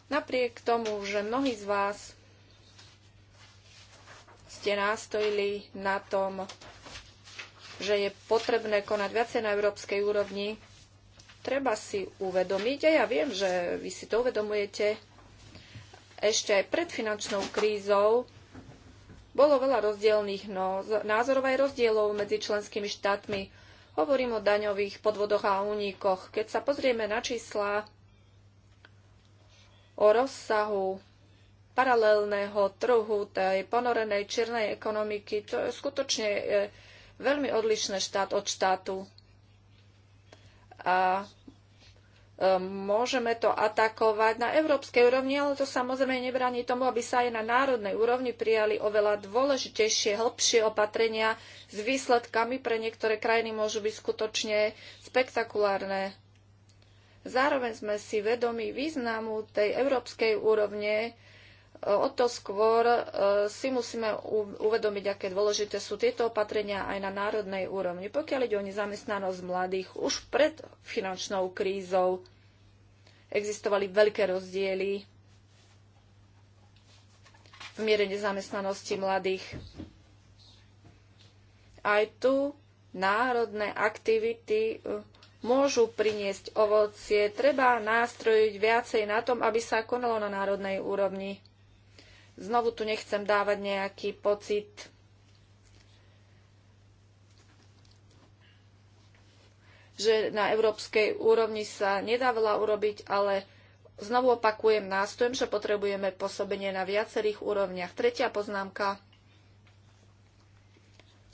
napriek tomu, že mnohí z vás ste nástojili na tom, že je potrebné konať viacej na európskej úrovni, treba si uvedomiť, a ja viem, že vy si to uvedomujete, ešte aj pred finančnou krízou bolo veľa rozdielných no, názorov aj rozdielov medzi členskými štátmi. Hovorím o daňových podvodoch a únikoch. Keď sa pozrieme na čísla o rozsahu paralelného trhu tej ponorenej čiernej ekonomiky, to je skutočne e, veľmi odlišné štát od štátu. A Ehm, môžeme to atakovať na európskej úrovni, ale to samozrejme nebráni tomu, aby sa aj na národnej úrovni prijali oveľa dôležitejšie, hĺbšie opatrenia s výsledkami pre niektoré krajiny môžu byť skutočne spektakulárne. Zároveň sme si vedomi významu tej európskej úrovne, E, o to skôr e, si musíme uvedomiť, aké dôležité sú tieto opatrenia aj na národnej úrovni. Pokiaľ ide o nezamestnanosť mladých, už pred finančnou krízou existovali veľké rozdiely v miere nezamestnanosti mladých. Aj tu národné aktivity e, môžu priniesť ovocie. Treba nástrojiť viacej na tom, aby sa konalo na národnej úrovni Znovu tu nechcem dávať nejaký pocit že na európskej úrovni sa nedá veľa urobiť, ale znovu opakujem nástojem, že potrebujeme pôsobenie na viacerých úrovniach. Tretia poznámka.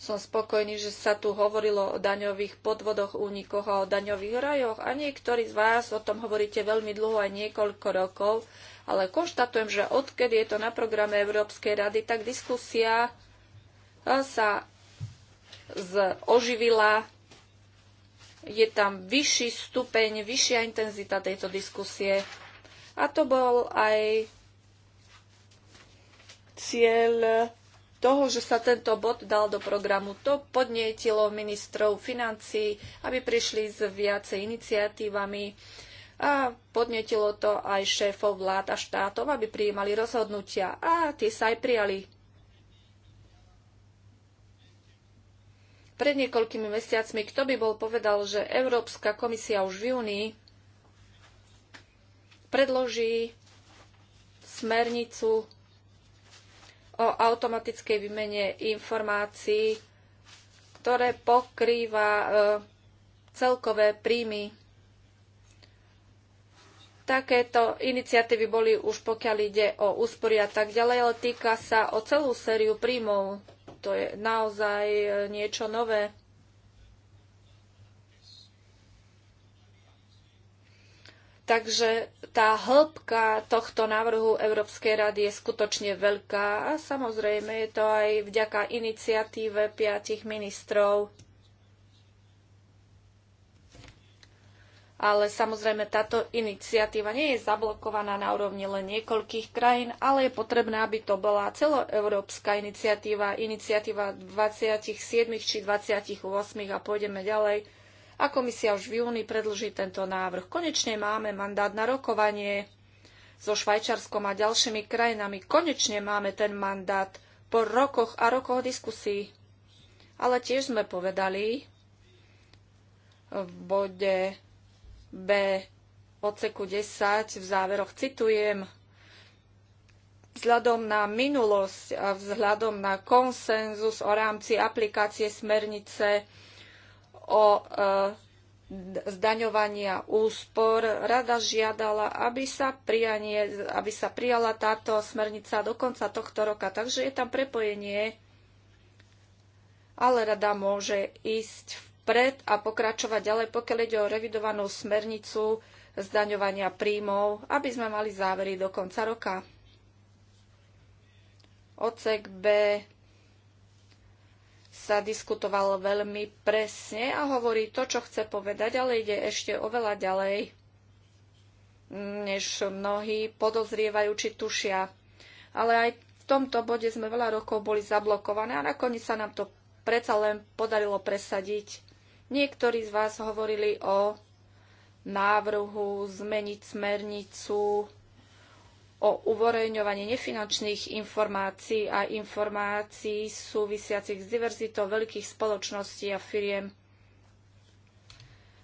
Som spokojný, že sa tu hovorilo o daňových podvodoch, únikoch a o daňových rajoch. A niektorí z vás o tom hovoríte veľmi dlho, aj niekoľko rokov ale konštatujem, že odkedy je to na programe Európskej rady, tak diskusia sa oživila, je tam vyšší stupeň, vyššia intenzita tejto diskusie. A to bol aj cieľ toho, že sa tento bod dal do programu. To podnietilo ministrov financí, aby prišli s viacej iniciatívami, a podnetilo to aj šéfov vlád a štátov, aby prijímali rozhodnutia a tie sa aj prijali. Pred niekoľkými mesiacmi kto by bol povedal, že Európska komisia už v júnii predloží smernicu o automatickej výmene informácií, ktoré pokrýva e, celkové príjmy Takéto iniciatívy boli už pokiaľ ide o úspory a tak ďalej, ale týka sa o celú sériu príjmov. To je naozaj e, niečo nové. Takže tá hĺbka tohto návrhu Európskej rady je skutočne veľká a samozrejme je to aj vďaka iniciatíve piatich ministrov Ale samozrejme táto iniciatíva nie je zablokovaná na úrovni len niekoľkých krajín, ale je potrebné, aby to bola celoeurópska iniciatíva, iniciatíva 27 či 28 a pôjdeme ďalej. A komisia už v júni predlží tento návrh. Konečne máme mandát na rokovanie so Švajčarskom a ďalšími krajinami. Konečne máme ten mandát po rokoch a rokoch diskusí. Ale tiež sme povedali v bode B odseku 10 v záveroch citujem Vzhľadom na minulosť a vzhľadom na konsenzus o rámci aplikácie smernice o e, zdaňovania úspor, rada žiadala, aby sa, prijanie, aby sa prijala táto smernica do konca tohto roka. Takže je tam prepojenie, ale rada môže ísť v vpred a pokračovať ďalej, pokiaľ ide o revidovanú smernicu zdaňovania príjmov, aby sme mali závery do konca roka. Ocek B sa diskutoval veľmi presne a hovorí to, čo chce povedať, ale ide ešte oveľa ďalej, než mnohí podozrievajú či tušia. Ale aj v tomto bode sme veľa rokov boli zablokované a nakoniec sa nám to predsa len podarilo presadiť. Niektorí z vás hovorili o návrhu zmeniť smernicu o uvoreňovaní nefinančných informácií a informácií súvisiacich s diverzitou veľkých spoločností a firiem.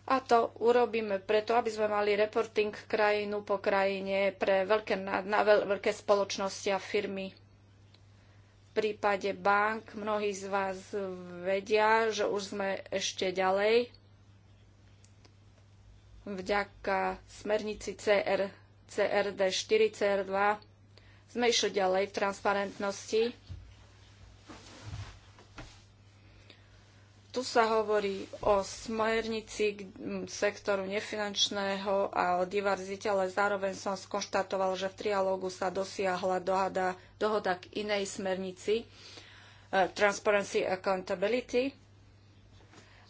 A to urobíme preto, aby sme mali reporting krajinu po krajine pre veľké, na, na veľké spoločnosti a firmy prípade bank mnohí z vás vedia, že už sme ešte ďalej. Vďaka smernici CR, CRD 4, CR2 sme išli ďalej v transparentnosti Tu sa hovorí o smernici k sektoru nefinančného a o diverzite, ale zároveň som skonštatoval, že v trialógu sa dosiahla dohada, dohoda k inej smernici e, Transparency Accountability.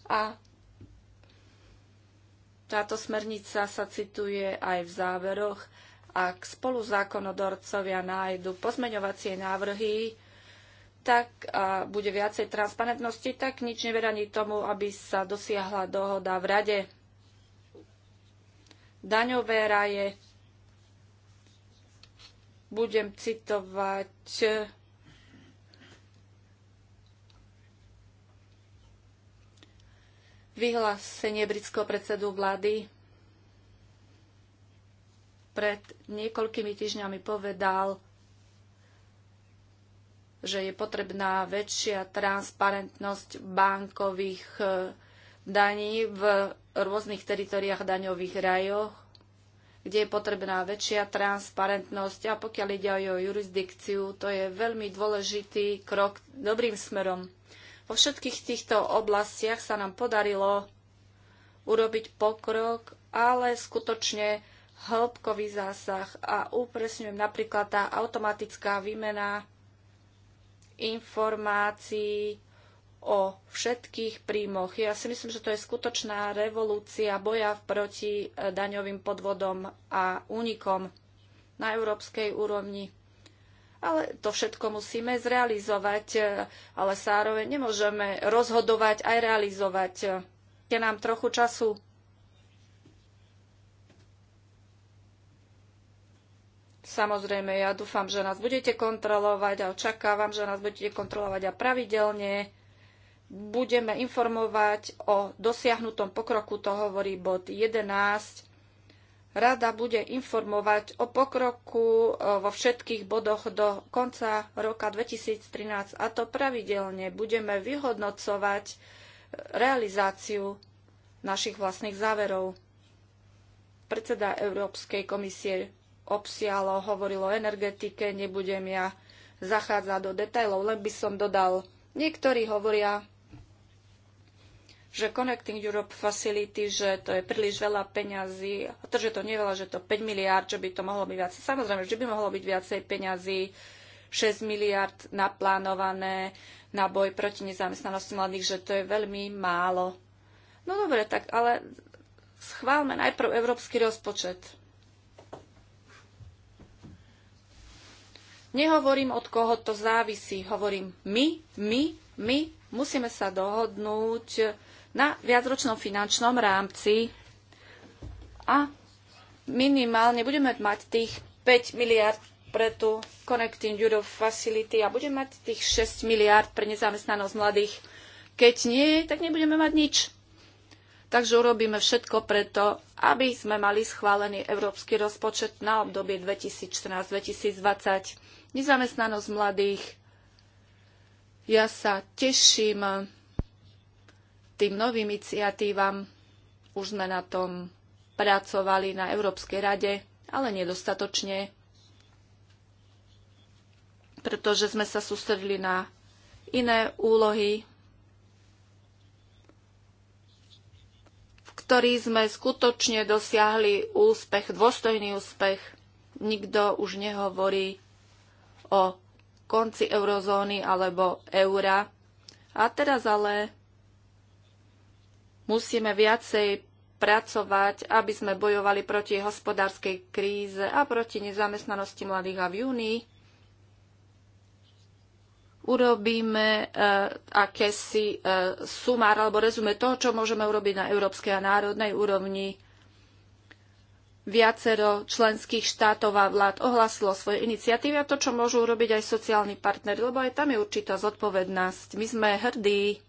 A táto smernica sa cituje aj v záveroch. Ak spoluzákonodorcovia nájdu pozmeňovacie návrhy, tak a bude viacej transparentnosti, tak nič neveraní tomu, aby sa dosiahla dohoda v rade. Daňové raje, budem citovať vyhlásenie britského predsedu vlády pred niekoľkými týždňami povedal, že je potrebná väčšia transparentnosť bankových e, daní v rôznych teritoriách daňových rajoch, kde je potrebná väčšia transparentnosť a pokiaľ ide aj o jurisdikciu, to je veľmi dôležitý krok dobrým smerom. Vo všetkých týchto oblastiach sa nám podarilo urobiť pokrok, ale skutočne hĺbkový zásah a upresňujem napríklad tá automatická výmena informácií o všetkých príjmoch. Ja si myslím, že to je skutočná revolúcia boja proti e, daňovým podvodom a únikom na európskej úrovni. Ale to všetko musíme zrealizovať, e, ale zároveň nemôžeme rozhodovať aj realizovať. E, je nám trochu času Samozrejme, ja dúfam, že nás budete kontrolovať a očakávam, že nás budete kontrolovať a pravidelne budeme informovať o dosiahnutom pokroku, to hovorí bod 11. Rada bude informovať o pokroku e, vo všetkých bodoch do konca roka 2013 a to pravidelne budeme vyhodnocovať e, realizáciu našich vlastných záverov. Predseda Európskej komisie obsialo, hovorilo o energetike, nebudem ja zachádzať do detajlov, len by som dodal, niektorí hovoria, že Connecting Europe Facility, že to je príliš veľa peňazí, to, že to nie je veľa, že to 5 miliard, že by to mohlo byť viac. Samozrejme, že by mohlo byť viacej peňazí, 6 miliard naplánované na boj proti nezamestnanosti mladých, že to je veľmi málo. No dobre, tak ale schválme najprv európsky rozpočet. Nehovorím, od koho to závisí. Hovorím my, my, my musíme sa dohodnúť na viacročnom finančnom rámci a minimálne budeme mať tých 5 miliard pre tú Connecting Europe Facility a budeme mať tých 6 miliard pre nezamestnanosť mladých. Keď nie, tak nebudeme mať nič. Takže urobíme všetko preto, aby sme mali schválený európsky rozpočet na obdobie 2014-2020 nezamestnanosť mladých. Ja sa teším tým novým iniciatívam. Už sme na tom pracovali na Európskej rade, ale nedostatočne, pretože sme sa sústredili na iné úlohy, v ktorých sme skutočne dosiahli úspech, dôstojný úspech. Nikto už nehovorí o konci eurozóny alebo eura. A teraz ale musíme viacej pracovať, aby sme bojovali proti hospodárskej kríze a proti nezamestnanosti mladých. A v júni urobíme e, akési e, sumár alebo rezume toho, čo môžeme urobiť na európskej a národnej úrovni viacero členských štátov a vlád ohlasilo svoje iniciatívy a to, čo môžu urobiť aj sociálni partneri, lebo aj tam je určitá zodpovednosť. My sme hrdí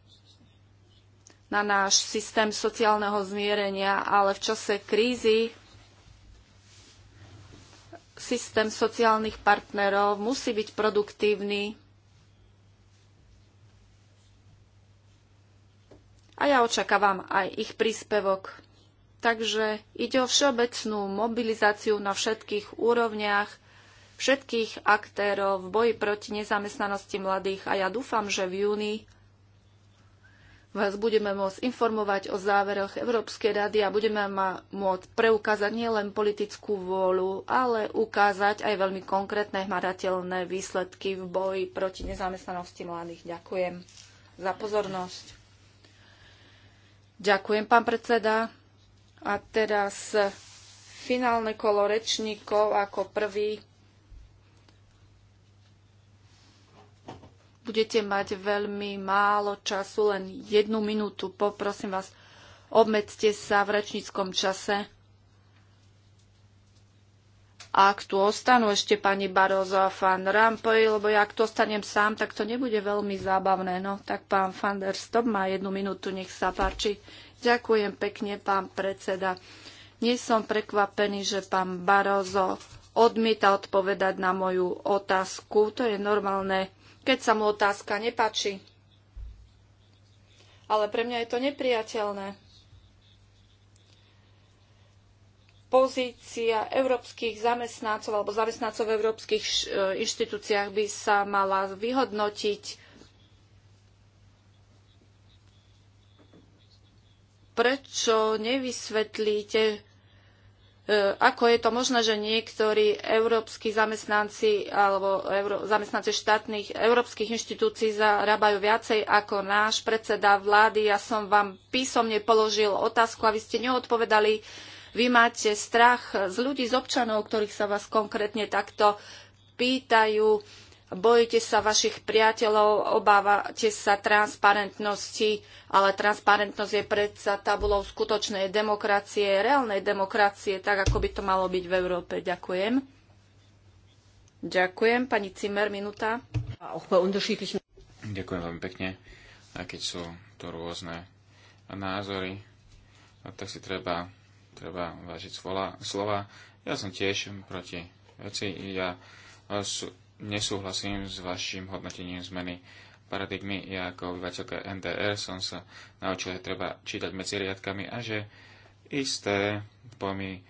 na náš systém sociálneho zmierenia, ale v čase krízy systém sociálnych partnerov musí byť produktívny. A ja očakávam aj ich príspevok. Takže ide o všeobecnú mobilizáciu na všetkých úrovniach, všetkých aktérov v boji proti nezamestnanosti mladých a ja dúfam, že v júni vás budeme môcť informovať o záveroch Európskej rady a budeme ma môcť preukázať nielen politickú vôľu, ale ukázať aj veľmi konkrétne hmatateľné výsledky v boji proti nezamestnanosti mladých. Ďakujem za pozornosť. Ďakujem, pán predseda. A teraz finálne kolo rečníkov ako prvý. Budete mať veľmi málo času, len jednu minútu. Poprosím vás, obmedzte sa v rečníckom čase. Ak tu ostanú ešte pani Barozo a pán Rampoy, lebo ja ak tu ostanem sám, tak to nebude veľmi zábavné. No, tak pán Fander, stop má jednu minútu, nech sa páči. Ďakujem pekne, pán predseda. Nie som prekvapený, že pán Barozo odmieta odpovedať na moju otázku. To je normálne, keď sa mu otázka nepáči. Ale pre mňa je to nepriateľné. Pozícia európskych zamestnancov alebo zamestnancov v európskych e, inštitúciách by sa mala vyhodnotiť prečo nevysvetlíte, e, ako je to možné, že niektorí európsky zamestnanci alebo euro, zamestnanci štátnych európskych inštitúcií zarábajú viacej ako náš predseda vlády. Ja som vám písomne položil otázku a vy ste neodpovedali. Vy máte strach z ľudí, z občanov, ktorých sa vás konkrétne takto pýtajú bojíte sa vašich priateľov, obávate sa transparentnosti, ale transparentnosť je predsa tabulou skutočnej demokracie, reálnej demokracie, tak ako by to malo byť v Európe. Ďakujem. Ďakujem. Pani Cimer, minúta. Ďakujem veľmi pekne. A keď sú to rôzne názory, no tak si treba, treba vážiť slova. Ja som tiež proti veci. Ja sú, nesúhlasím s vašim hodnotením zmeny paradigmy. Ja ako obyvateľka NDR som sa naučil, že treba čítať medzi riadkami a že isté pojmy e,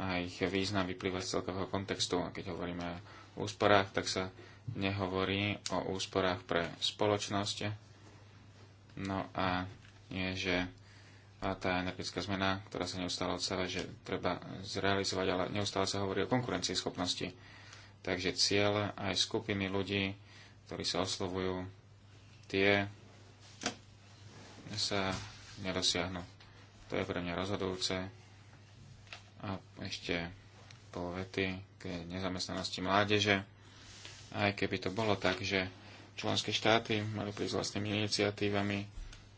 a ich význam vyplýva z celkového kontextu. A keď hovoríme o úsporách, tak sa nehovorí o úsporách pre spoločnosť. No a je, že tá energetická zmena, ktorá sa neustále odstáva, že treba zrealizovať, ale neustále sa hovorí o schopnosti Takže cieľ aj skupiny ľudí, ktorí sa oslovujú, tie sa nedosiahnu. To je pre mňa rozhodujúce. A ešte pol vety k nezamestnanosti mládeže. Aj keby to bolo tak, že členské štáty mali prísť vlastnými iniciatívami,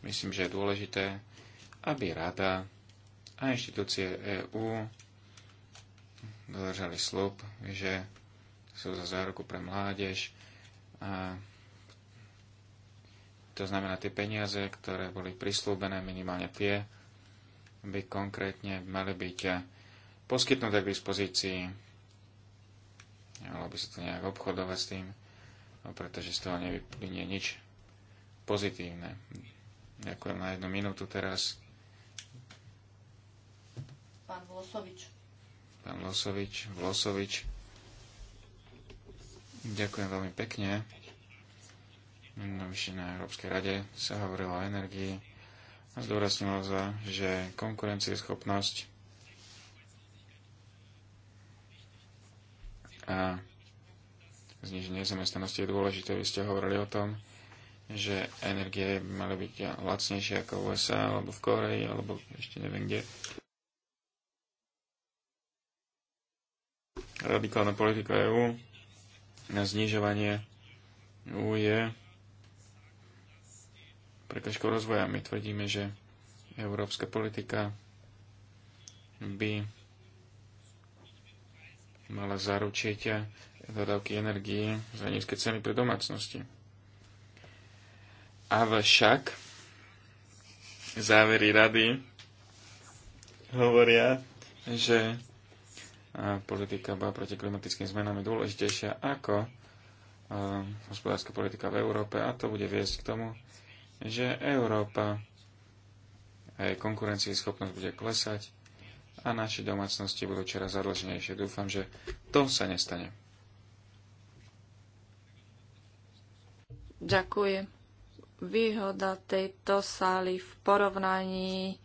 myslím, že je dôležité, aby rada a inštitúcie EÚ dodržali slub, že sú za záruku pre mládež. A to znamená, tie peniaze, ktoré boli prislúbené, minimálne tie, by konkrétne mali byť eh, poskytnuté k dispozícii. Malo by sa to nejak obchodovať s tým, no, pretože z toho nevyplynie nič pozitívne. Ďakujem na jednu minútu teraz. Pán Vlosovič. Pán Vlosovič, Vlosovič. Ďakujem veľmi pekne. No, na Európskej rade sa hovorilo o energii a zdôraznilo sa, že schopnosť a zniženie zamestnanosti je dôležité. Vy ste hovorili o tom, že energie mali byť lacnejšie ako v USA, alebo v Koreji, alebo ešte neviem kde. Radikálna politika EÚ na znižovanie je prekažkou rozvoja. My tvrdíme, že európska politika by mala zaručiť dodávky energii za nízke ceny pre domácnosti. Avšak závery rady hovoria, že politika boja proti klimatickým zmenám je dôležitejšia ako hospodárska politika v Európe a to bude viesť k tomu, že Európa a jej konkurencieschopnosť bude klesať a naše domácnosti budú čoraz zadlženejšie. Dúfam, že to sa nestane. Ďakujem. Výhoda tejto sály v porovnaní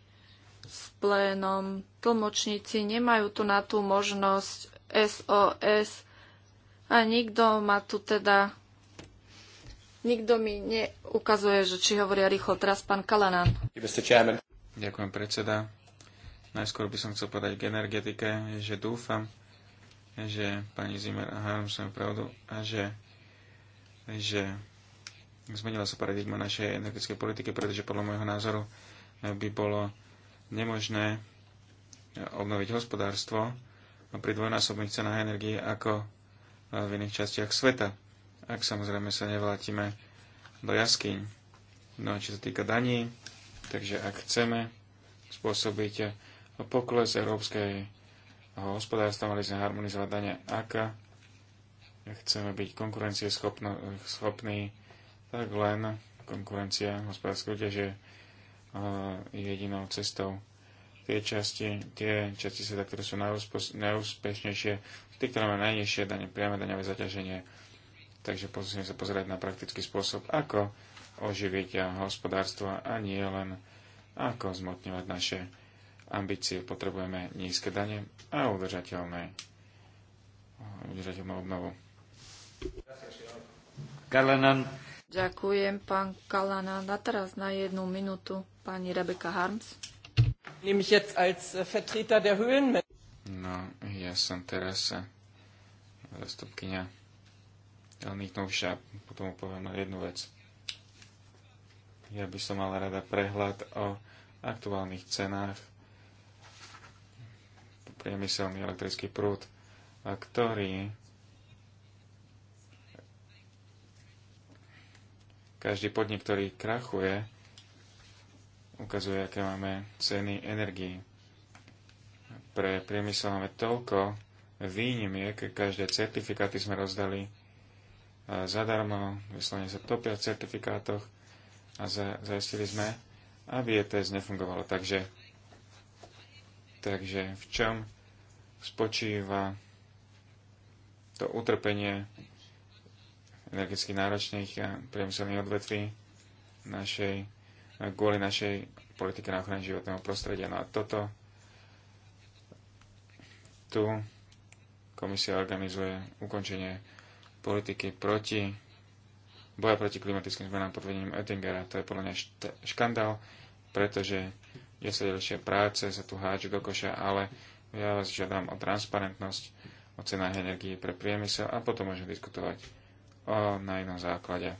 s plénom. Tlmočníci nemajú tu na tú možnosť SOS a nikto ma tu teda nikto mi neukazuje, že či hovoria rýchlo. Teraz pán Kalanán. Ďakujem, predseda. Najskôr by som chcel povedať k energetike, že dúfam, že pani Zimmer a Harms pravdu a že, že zmenila sa paradigma našej energetickej politiky, pretože podľa môjho názoru by bolo nemožné e, obnoviť hospodárstvo pri dvojnásobných cenách energie ako e, v iných častiach sveta, ak samozrejme sa nevlátime do jaskyň. No a čo sa týka daní, takže ak chceme spôsobiť pokles európskej hospodárstva, mali sme harmonizovať dane, ak chceme byť konkurencieschopní, tak len konkurencia hospodárskej súťaže jedinou cestou. Tie časti, tie časti sveta, ktoré sú najúspešnejšie, tie, ktoré majú najnižšie dane, priame daňové zaťaženie. Takže musíme sa pozerať na praktický spôsob, ako oživiť hospodárstvo a nie len ako zmotňovať naše ambície. Potrebujeme nízke dane a udržateľné, udržateľnú obnovu. Ďakujem, pán Kalanan. A teraz na jednu minútu pani Rebeka Harms. Äh, no, ja som teraz äh, zastupkynia Elných Novša, potom poviem jednu vec. Ja by som mala rada prehľad o aktuálnych cenách priemyselný elektrický prúd, ktorý každý podnik, ktorý krachuje, ukazuje, aké máme ceny energii. Pre priemysel máme toľko výnimiek, každé certifikáty sme rozdali zadarmo, vyslovene sa topia v certifikátoch a za, zaistili sme, aby ETS nefungovalo. Takže, takže v čom spočíva to utrpenie energeticky náročných a priemyselných odvetví našej kvôli našej politike na ochranu životného prostredia. No a toto tu komisia organizuje ukončenie politiky proti boja proti klimatickým zmenám pod vedením Oettingera. To je podľa mňa škandál, pretože 10 práce sa tu háču do koša, ale ja vás žiadam o transparentnosť, o cenách energii pre priemysel a potom môžeme diskutovať o, na inom základe.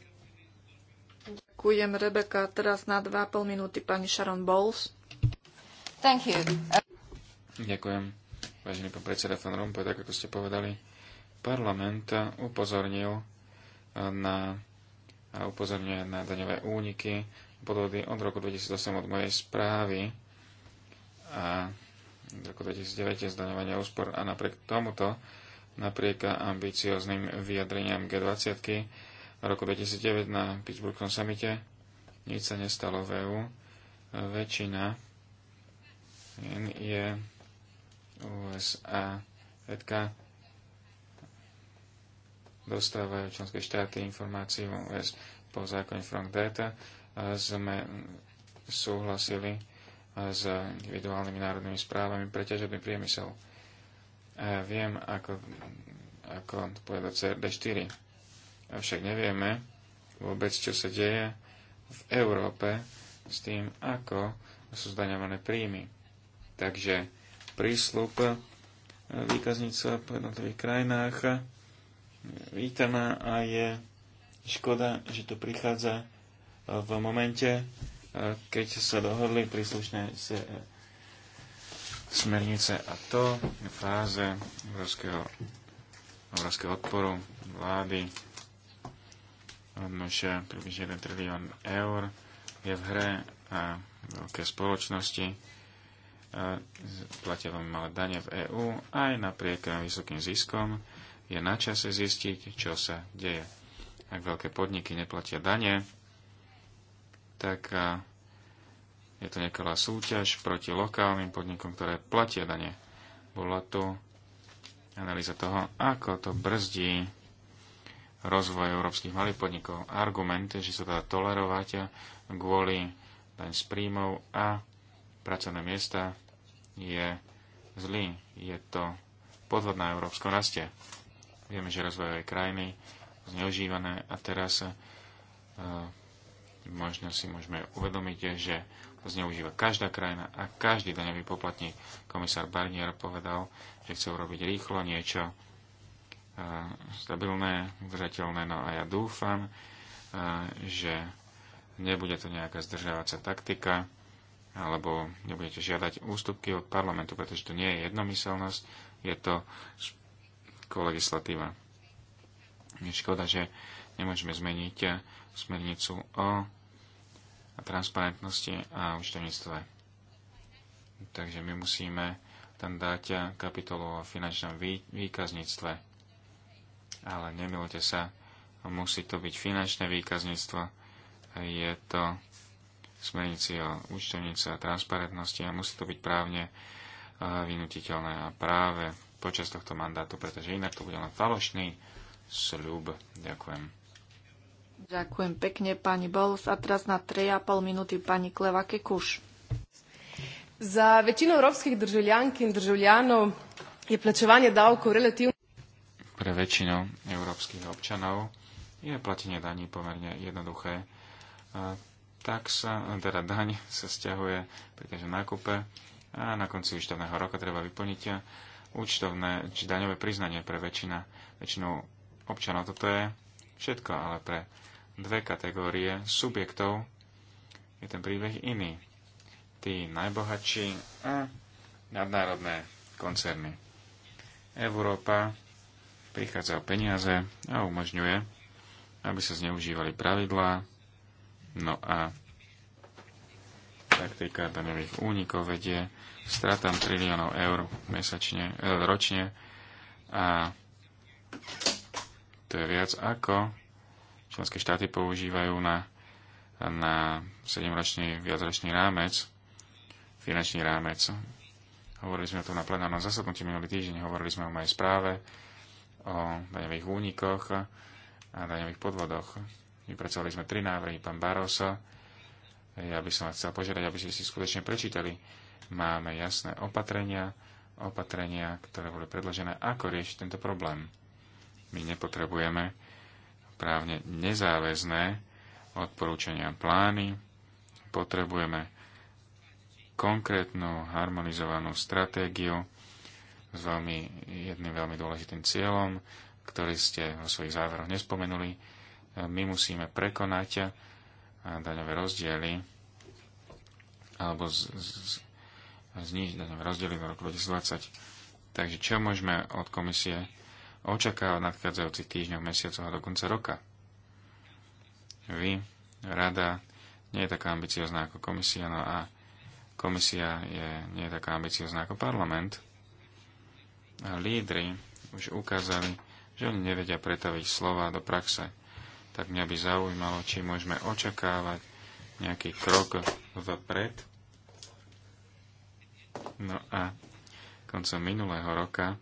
Ďakujem, Rebeka. Teraz na minúty pani Sharon Bowles. Thank you. Ďakujem. Vážený pán predseda Fan Rompuy, tak ako ste povedali, parlament upozornil na a upozorňuje na daňové úniky podvody od roku 2008 od mojej správy a od roku 2009 zdaňovania úspor a napriek tomuto, napriek ambicióznym vyjadreniam G20 v roku 2009 na Pittsburghom samite. Nič sa nestalo v EU. Väčšina je USA. Vedka dostávajú členské štáty informáciu US po zákone Frank Data. Sme súhlasili s individuálnymi národnými správami pre ťažobný priemysel. Viem, ako, ako povedať CRD4 Avšak nevieme vôbec, čo sa deje v Európe s tým, ako sú zdaňované príjmy. Takže prísľub e, výkaznice po jednotlivých krajinách vítaná a je škoda, že to prichádza v momente, e, keď sa dohodli príslušné e, smernice a to v fáze európskeho, európskeho odporu vlády že približne 1 trilión eur je v hre a veľké spoločnosti platia veľmi malé dane v EÚ aj napriek vysokým ziskom je na čase zistiť, čo sa deje. Ak veľké podniky neplatia dane, tak je to nekalá súťaž proti lokálnym podnikom, ktoré platia dane. Bola tu analýza toho, ako to brzdí rozvoj európskych malých podnikov. Argument, že sa dá tolerovať kvôli daň z príjmov a pracovné miesta je zlý. Je to podvod na európskom raste. Vieme, že rozvojové krajiny zneužívané a teraz e, možno si môžeme uvedomiť, že to zneužíva každá krajina a každý daňový poplatník. Komisár Barnier povedal, že chce urobiť rýchlo niečo stabilné, udržateľné. No a ja dúfam, že nebude to nejaká zdržiavacia taktika, alebo nebudete žiadať ústupky od parlamentu, pretože to nie je jednomyselnosť, je to kolegislatíva. Je škoda, že nemôžeme zmeniť smernicu o transparentnosti a účtovníctve. Takže my musíme tam dať kapitolu o finančnom výkazníctve ale nemilte sa, musí to byť finančné výkazníctvo, je to smernici o účtovnice a transparentnosti a musí to byť právne eh, vynutiteľné a práve počas tohto mandátu, pretože inak to bude len falošný sľub. Ďakujem. Ďakujem pekne, pani Bolus. A teraz na 3,5 minúty pani Kleva Kekuš. Za väčšinu európskych državljank a državljanov je plačovanie dávkov relatívne pre väčšinu európskych občanov je platenie daní pomerne jednoduché. Tak sa, teda daň sa stiahuje pri každom nákupe a na konci účtovného roka treba vyplniť účtovné či daňové priznanie pre väčšina, väčšinu občanov. Toto je všetko, ale pre dve kategórie subjektov je ten príbeh iný. Tí najbohatší a nadnárodné koncerny. Európa prichádza o peniaze a umožňuje, aby sa zneužívali pravidlá. No a taktika daňových únikov vedie stratám triliónov eur mesačne, e, ročne a to je viac ako členské štáty používajú na, na 7-ročný viacročný rámec, finančný rámec. Hovorili sme tom na plenárnom zasadnutí minulý týždeň, hovorili sme o mojej správe o daňových únikoch a daňových podvodoch. Vypracovali sme tri návrhy, pán Baroso. Ja by som vás chcel požiadať, aby ste si skutočne prečítali. Máme jasné opatrenia, opatrenia, ktoré boli predložené, ako riešiť tento problém. My nepotrebujeme právne nezáväzné odporúčania plány, potrebujeme konkrétnu harmonizovanú stratégiu, s veľmi, jedným veľmi dôležitým cieľom, ktorý ste vo svojich záveroch nespomenuli. E, my musíme prekonať e, daňové rozdiely alebo znižiť daňové rozdiely v roku 2020. Takže čo môžeme od komisie očakávať v nadchádzajúcich týždňoch, mesiacoch a do konca roka? Vy, rada, nie je taká ambiciozná ako komisia, no a komisia je, nie je taká ambiciozná ako parlament lídry už ukázali, že oni nevedia pretaviť slova do praxe. Tak mňa by zaujímalo, či môžeme očakávať nejaký krok vpred. No a koncom minulého roka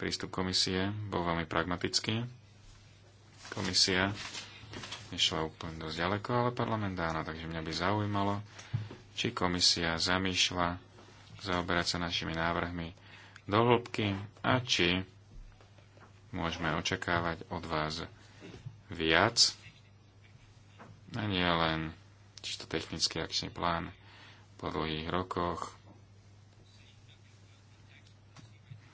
prístup komisie bol veľmi pragmatický. Komisia nešla úplne dosť ďaleko, ale parlament áno, takže mňa by zaujímalo, či komisia zamýšľa zaoberať sa našimi návrhmi do hĺbky a či môžeme očakávať od vás viac a nie len čisto technický akčný plán po dlhých rokoch,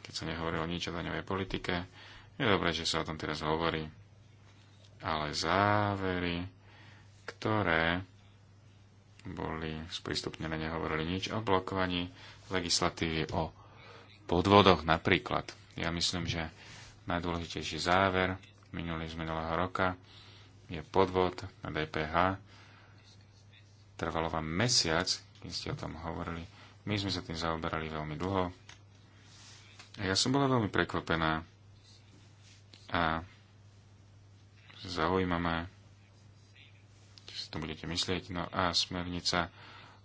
keď sa nehovorilo nič o daňovej politike. Je dobré, že sa o tom teraz hovorí. Ale závery, ktoré boli sprístupnené, nehovorili nič o blokovaní legislatívy o podvodoch napríklad. Ja myslím, že najdôležitejší záver minulý z minulého roka je podvod na DPH. Trvalo vám mesiac, keď ste o tom hovorili. My sme sa tým zaoberali veľmi dlho. A ja som bola veľmi prekvapená a zaujímavé, či si to budete myslieť. No a smernica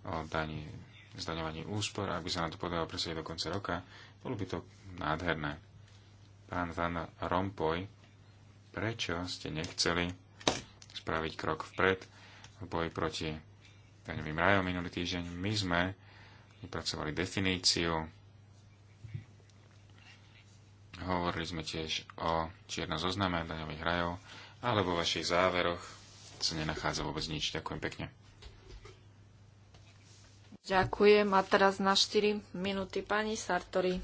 o daní, zdaňovaní úspor, ak by sa na to podalo presieť do konca roka, bolo by to nádherné. Pán Van Rompuy, prečo ste nechceli spraviť krok vpred v boji proti daňovým rajom minulý týždeň? My sme vypracovali definíciu, hovorili sme tiež o čierno zozname daňových rajov, ale vo vašich záveroch sa nenachádza vôbec nič. Ďakujem pekne. Ďakujem. A teraz na 4 minúty pani Sartori.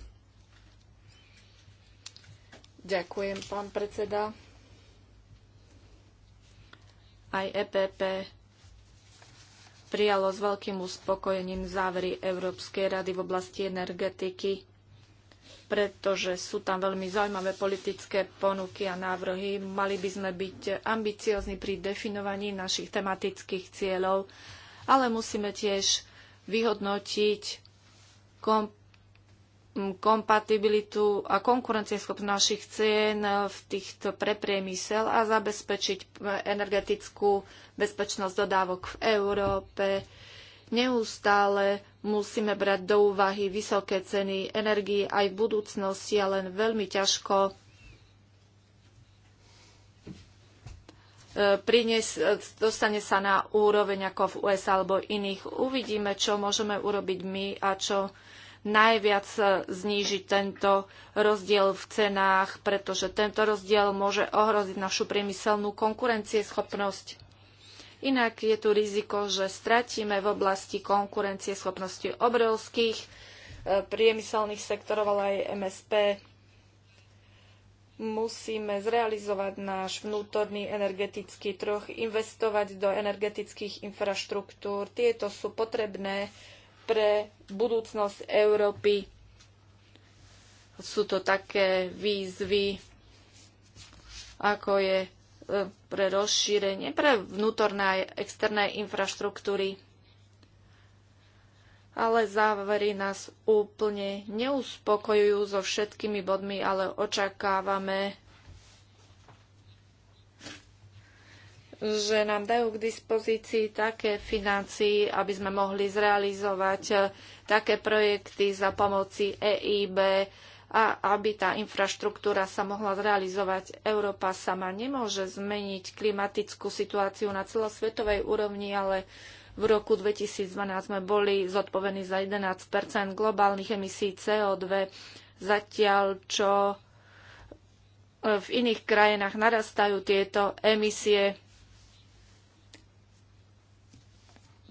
Ďakujem, pán predseda. Aj EPP prijalo s veľkým uspokojením závery Európskej rady v oblasti energetiky, pretože sú tam veľmi zaujímavé politické ponuky a návrhy. Mali by sme byť ambiciozni pri definovaní našich tematických cieľov, ale musíme tiež vyhodnotiť kom, kompatibilitu a konkurencieschopnosť našich cien v týchto prepriemysel a zabezpečiť energetickú bezpečnosť dodávok v Európe. Neustále musíme brať do úvahy vysoké ceny energii aj v budúcnosti a len veľmi ťažko prinies, dostane sa na úroveň ako v USA alebo iných. Uvidíme, čo môžeme urobiť my a čo najviac znížiť tento rozdiel v cenách, pretože tento rozdiel môže ohroziť našu priemyselnú konkurencieschopnosť. Inak je tu riziko, že stratíme v oblasti konkurencieschopnosti obrovských eh, priemyselných sektorov, ale aj MSP musíme zrealizovať náš vnútorný energetický trh, investovať do energetických infraštruktúr. Tieto sú potrebné pre budúcnosť Európy. Sú to také výzvy, ako je e, pre rozšírenie, pre vnútorné aj externé infraštruktúry ale závery nás úplne neuspokojujú so všetkými bodmi, ale očakávame, že nám dajú k dispozícii také financie, aby sme mohli zrealizovať eh, také projekty za pomoci EIB a aby tá infraštruktúra sa mohla zrealizovať. Európa sama nemôže zmeniť klimatickú situáciu na celosvetovej úrovni, ale v roku 2012 sme boli zodpovední za 11 globálnych emisí CO2, zatiaľ čo e, v iných krajinách narastajú tieto emisie,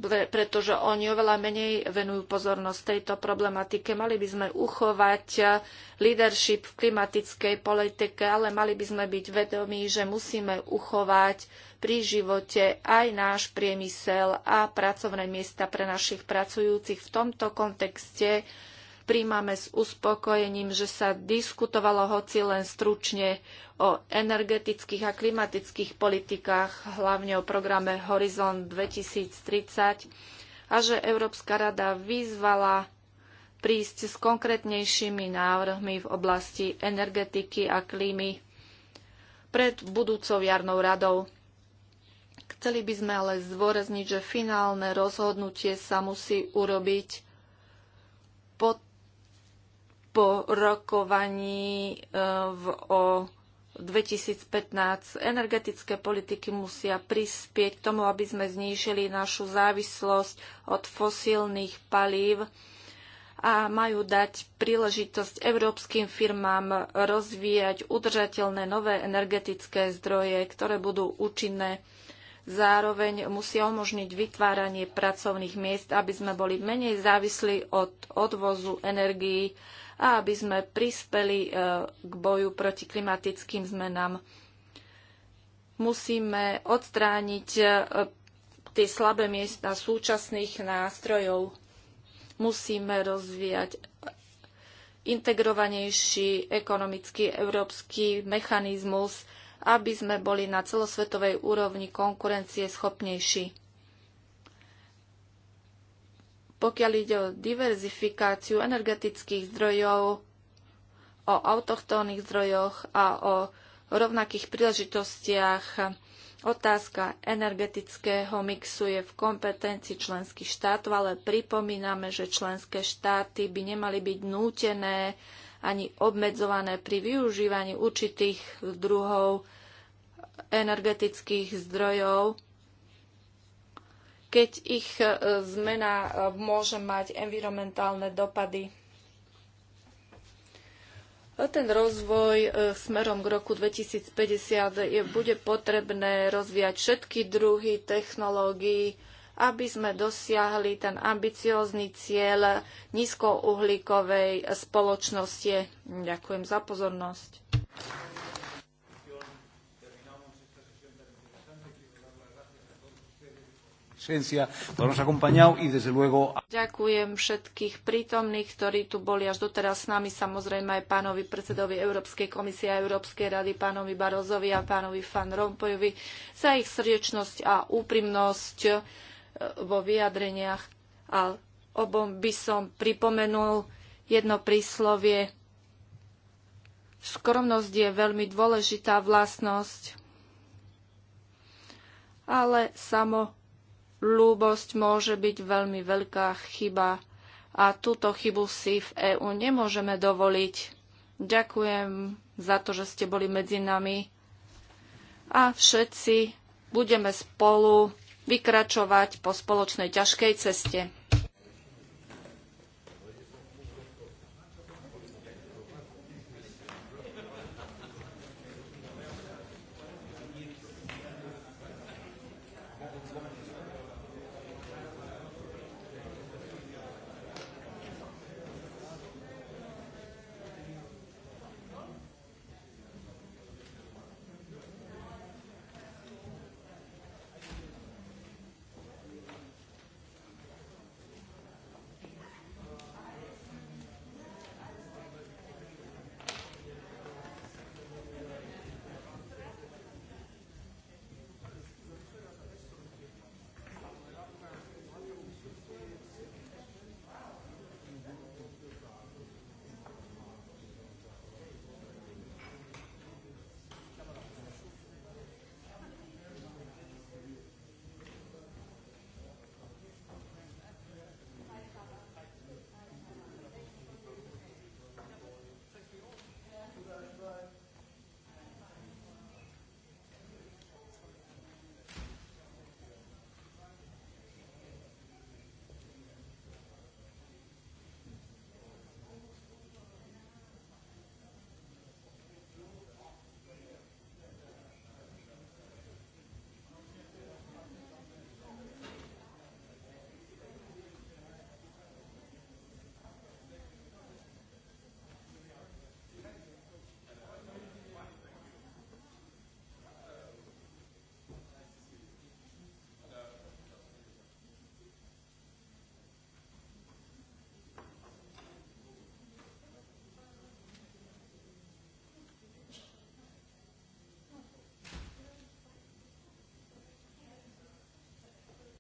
pretože oni oveľa menej venujú pozornosť tejto problematike. Mali by sme uchovať leadership v klimatickej politike, ale mali by sme byť vedomí, že musíme uchovať pri živote aj náš priemysel a pracovné miesta pre našich pracujúcich. V tomto kontexte príjmame s uspokojením, že sa diskutovalo hoci len stručne o energetických a klimatických politikách, hlavne o programe Horizon 2030 a že Európska rada vyzvala prísť s konkrétnejšími návrhmi v oblasti energetiky a klímy pred budúcou jarnou radou. Chceli by sme ale zdôrazniť, že finálne rozhodnutie sa musí urobiť po, po rokovaní e, v, o 2015. Energetické politiky musia prispieť k tomu, aby sme znížili našu závislosť od fosílnych palív a majú dať príležitosť európskym firmám rozvíjať udržateľné nové energetické zdroje, ktoré budú účinné Zároveň musia umožniť vytváranie pracovných miest, aby sme boli menej závislí od odvozu energií a aby sme prispeli e, k boju proti klimatickým zmenám. Musíme odstrániť e, tie slabé miesta súčasných nástrojov. Musíme rozvíjať integrovanejší ekonomický európsky mechanizmus, aby sme boli na celosvetovej úrovni konkurencie schopnejší. Pokiaľ ide o diverzifikáciu energetických zdrojov, o autochtónnych zdrojoch a o rovnakých príležitostiach, otázka energetického mixu je v kompetencii členských štátov, ale pripomíname, že členské štáty by nemali byť nútené ani obmedzované pri využívaní určitých druhov energetických zdrojov, keď ich e, zmena e, môže mať environmentálne dopady. Ten rozvoj e, smerom k roku 2050 je, bude potrebné rozvíjať všetky druhy technológií, aby sme dosiahli ten ambiciózny cieľ nízkouhlíkovej spoločnosti. Ďakujem za pozornosť. Ďakujem všetkých prítomných, ktorí tu boli až doteraz s nami, samozrejme aj pánovi predsedovi Európskej komisie a Európskej rady, pánovi Barozovi a pánovi Fan Rompojovi za ich srdečnosť a úprimnosť vo vyjadreniach a obom by som pripomenul jedno príslovie. Skromnosť je veľmi dôležitá vlastnosť, ale samo lúbosť môže byť veľmi veľká chyba a túto chybu si v EÚ nemôžeme dovoliť. Ďakujem za to, že ste boli medzi nami a všetci budeme spolu vykračovať po spoločnej ťažkej ceste.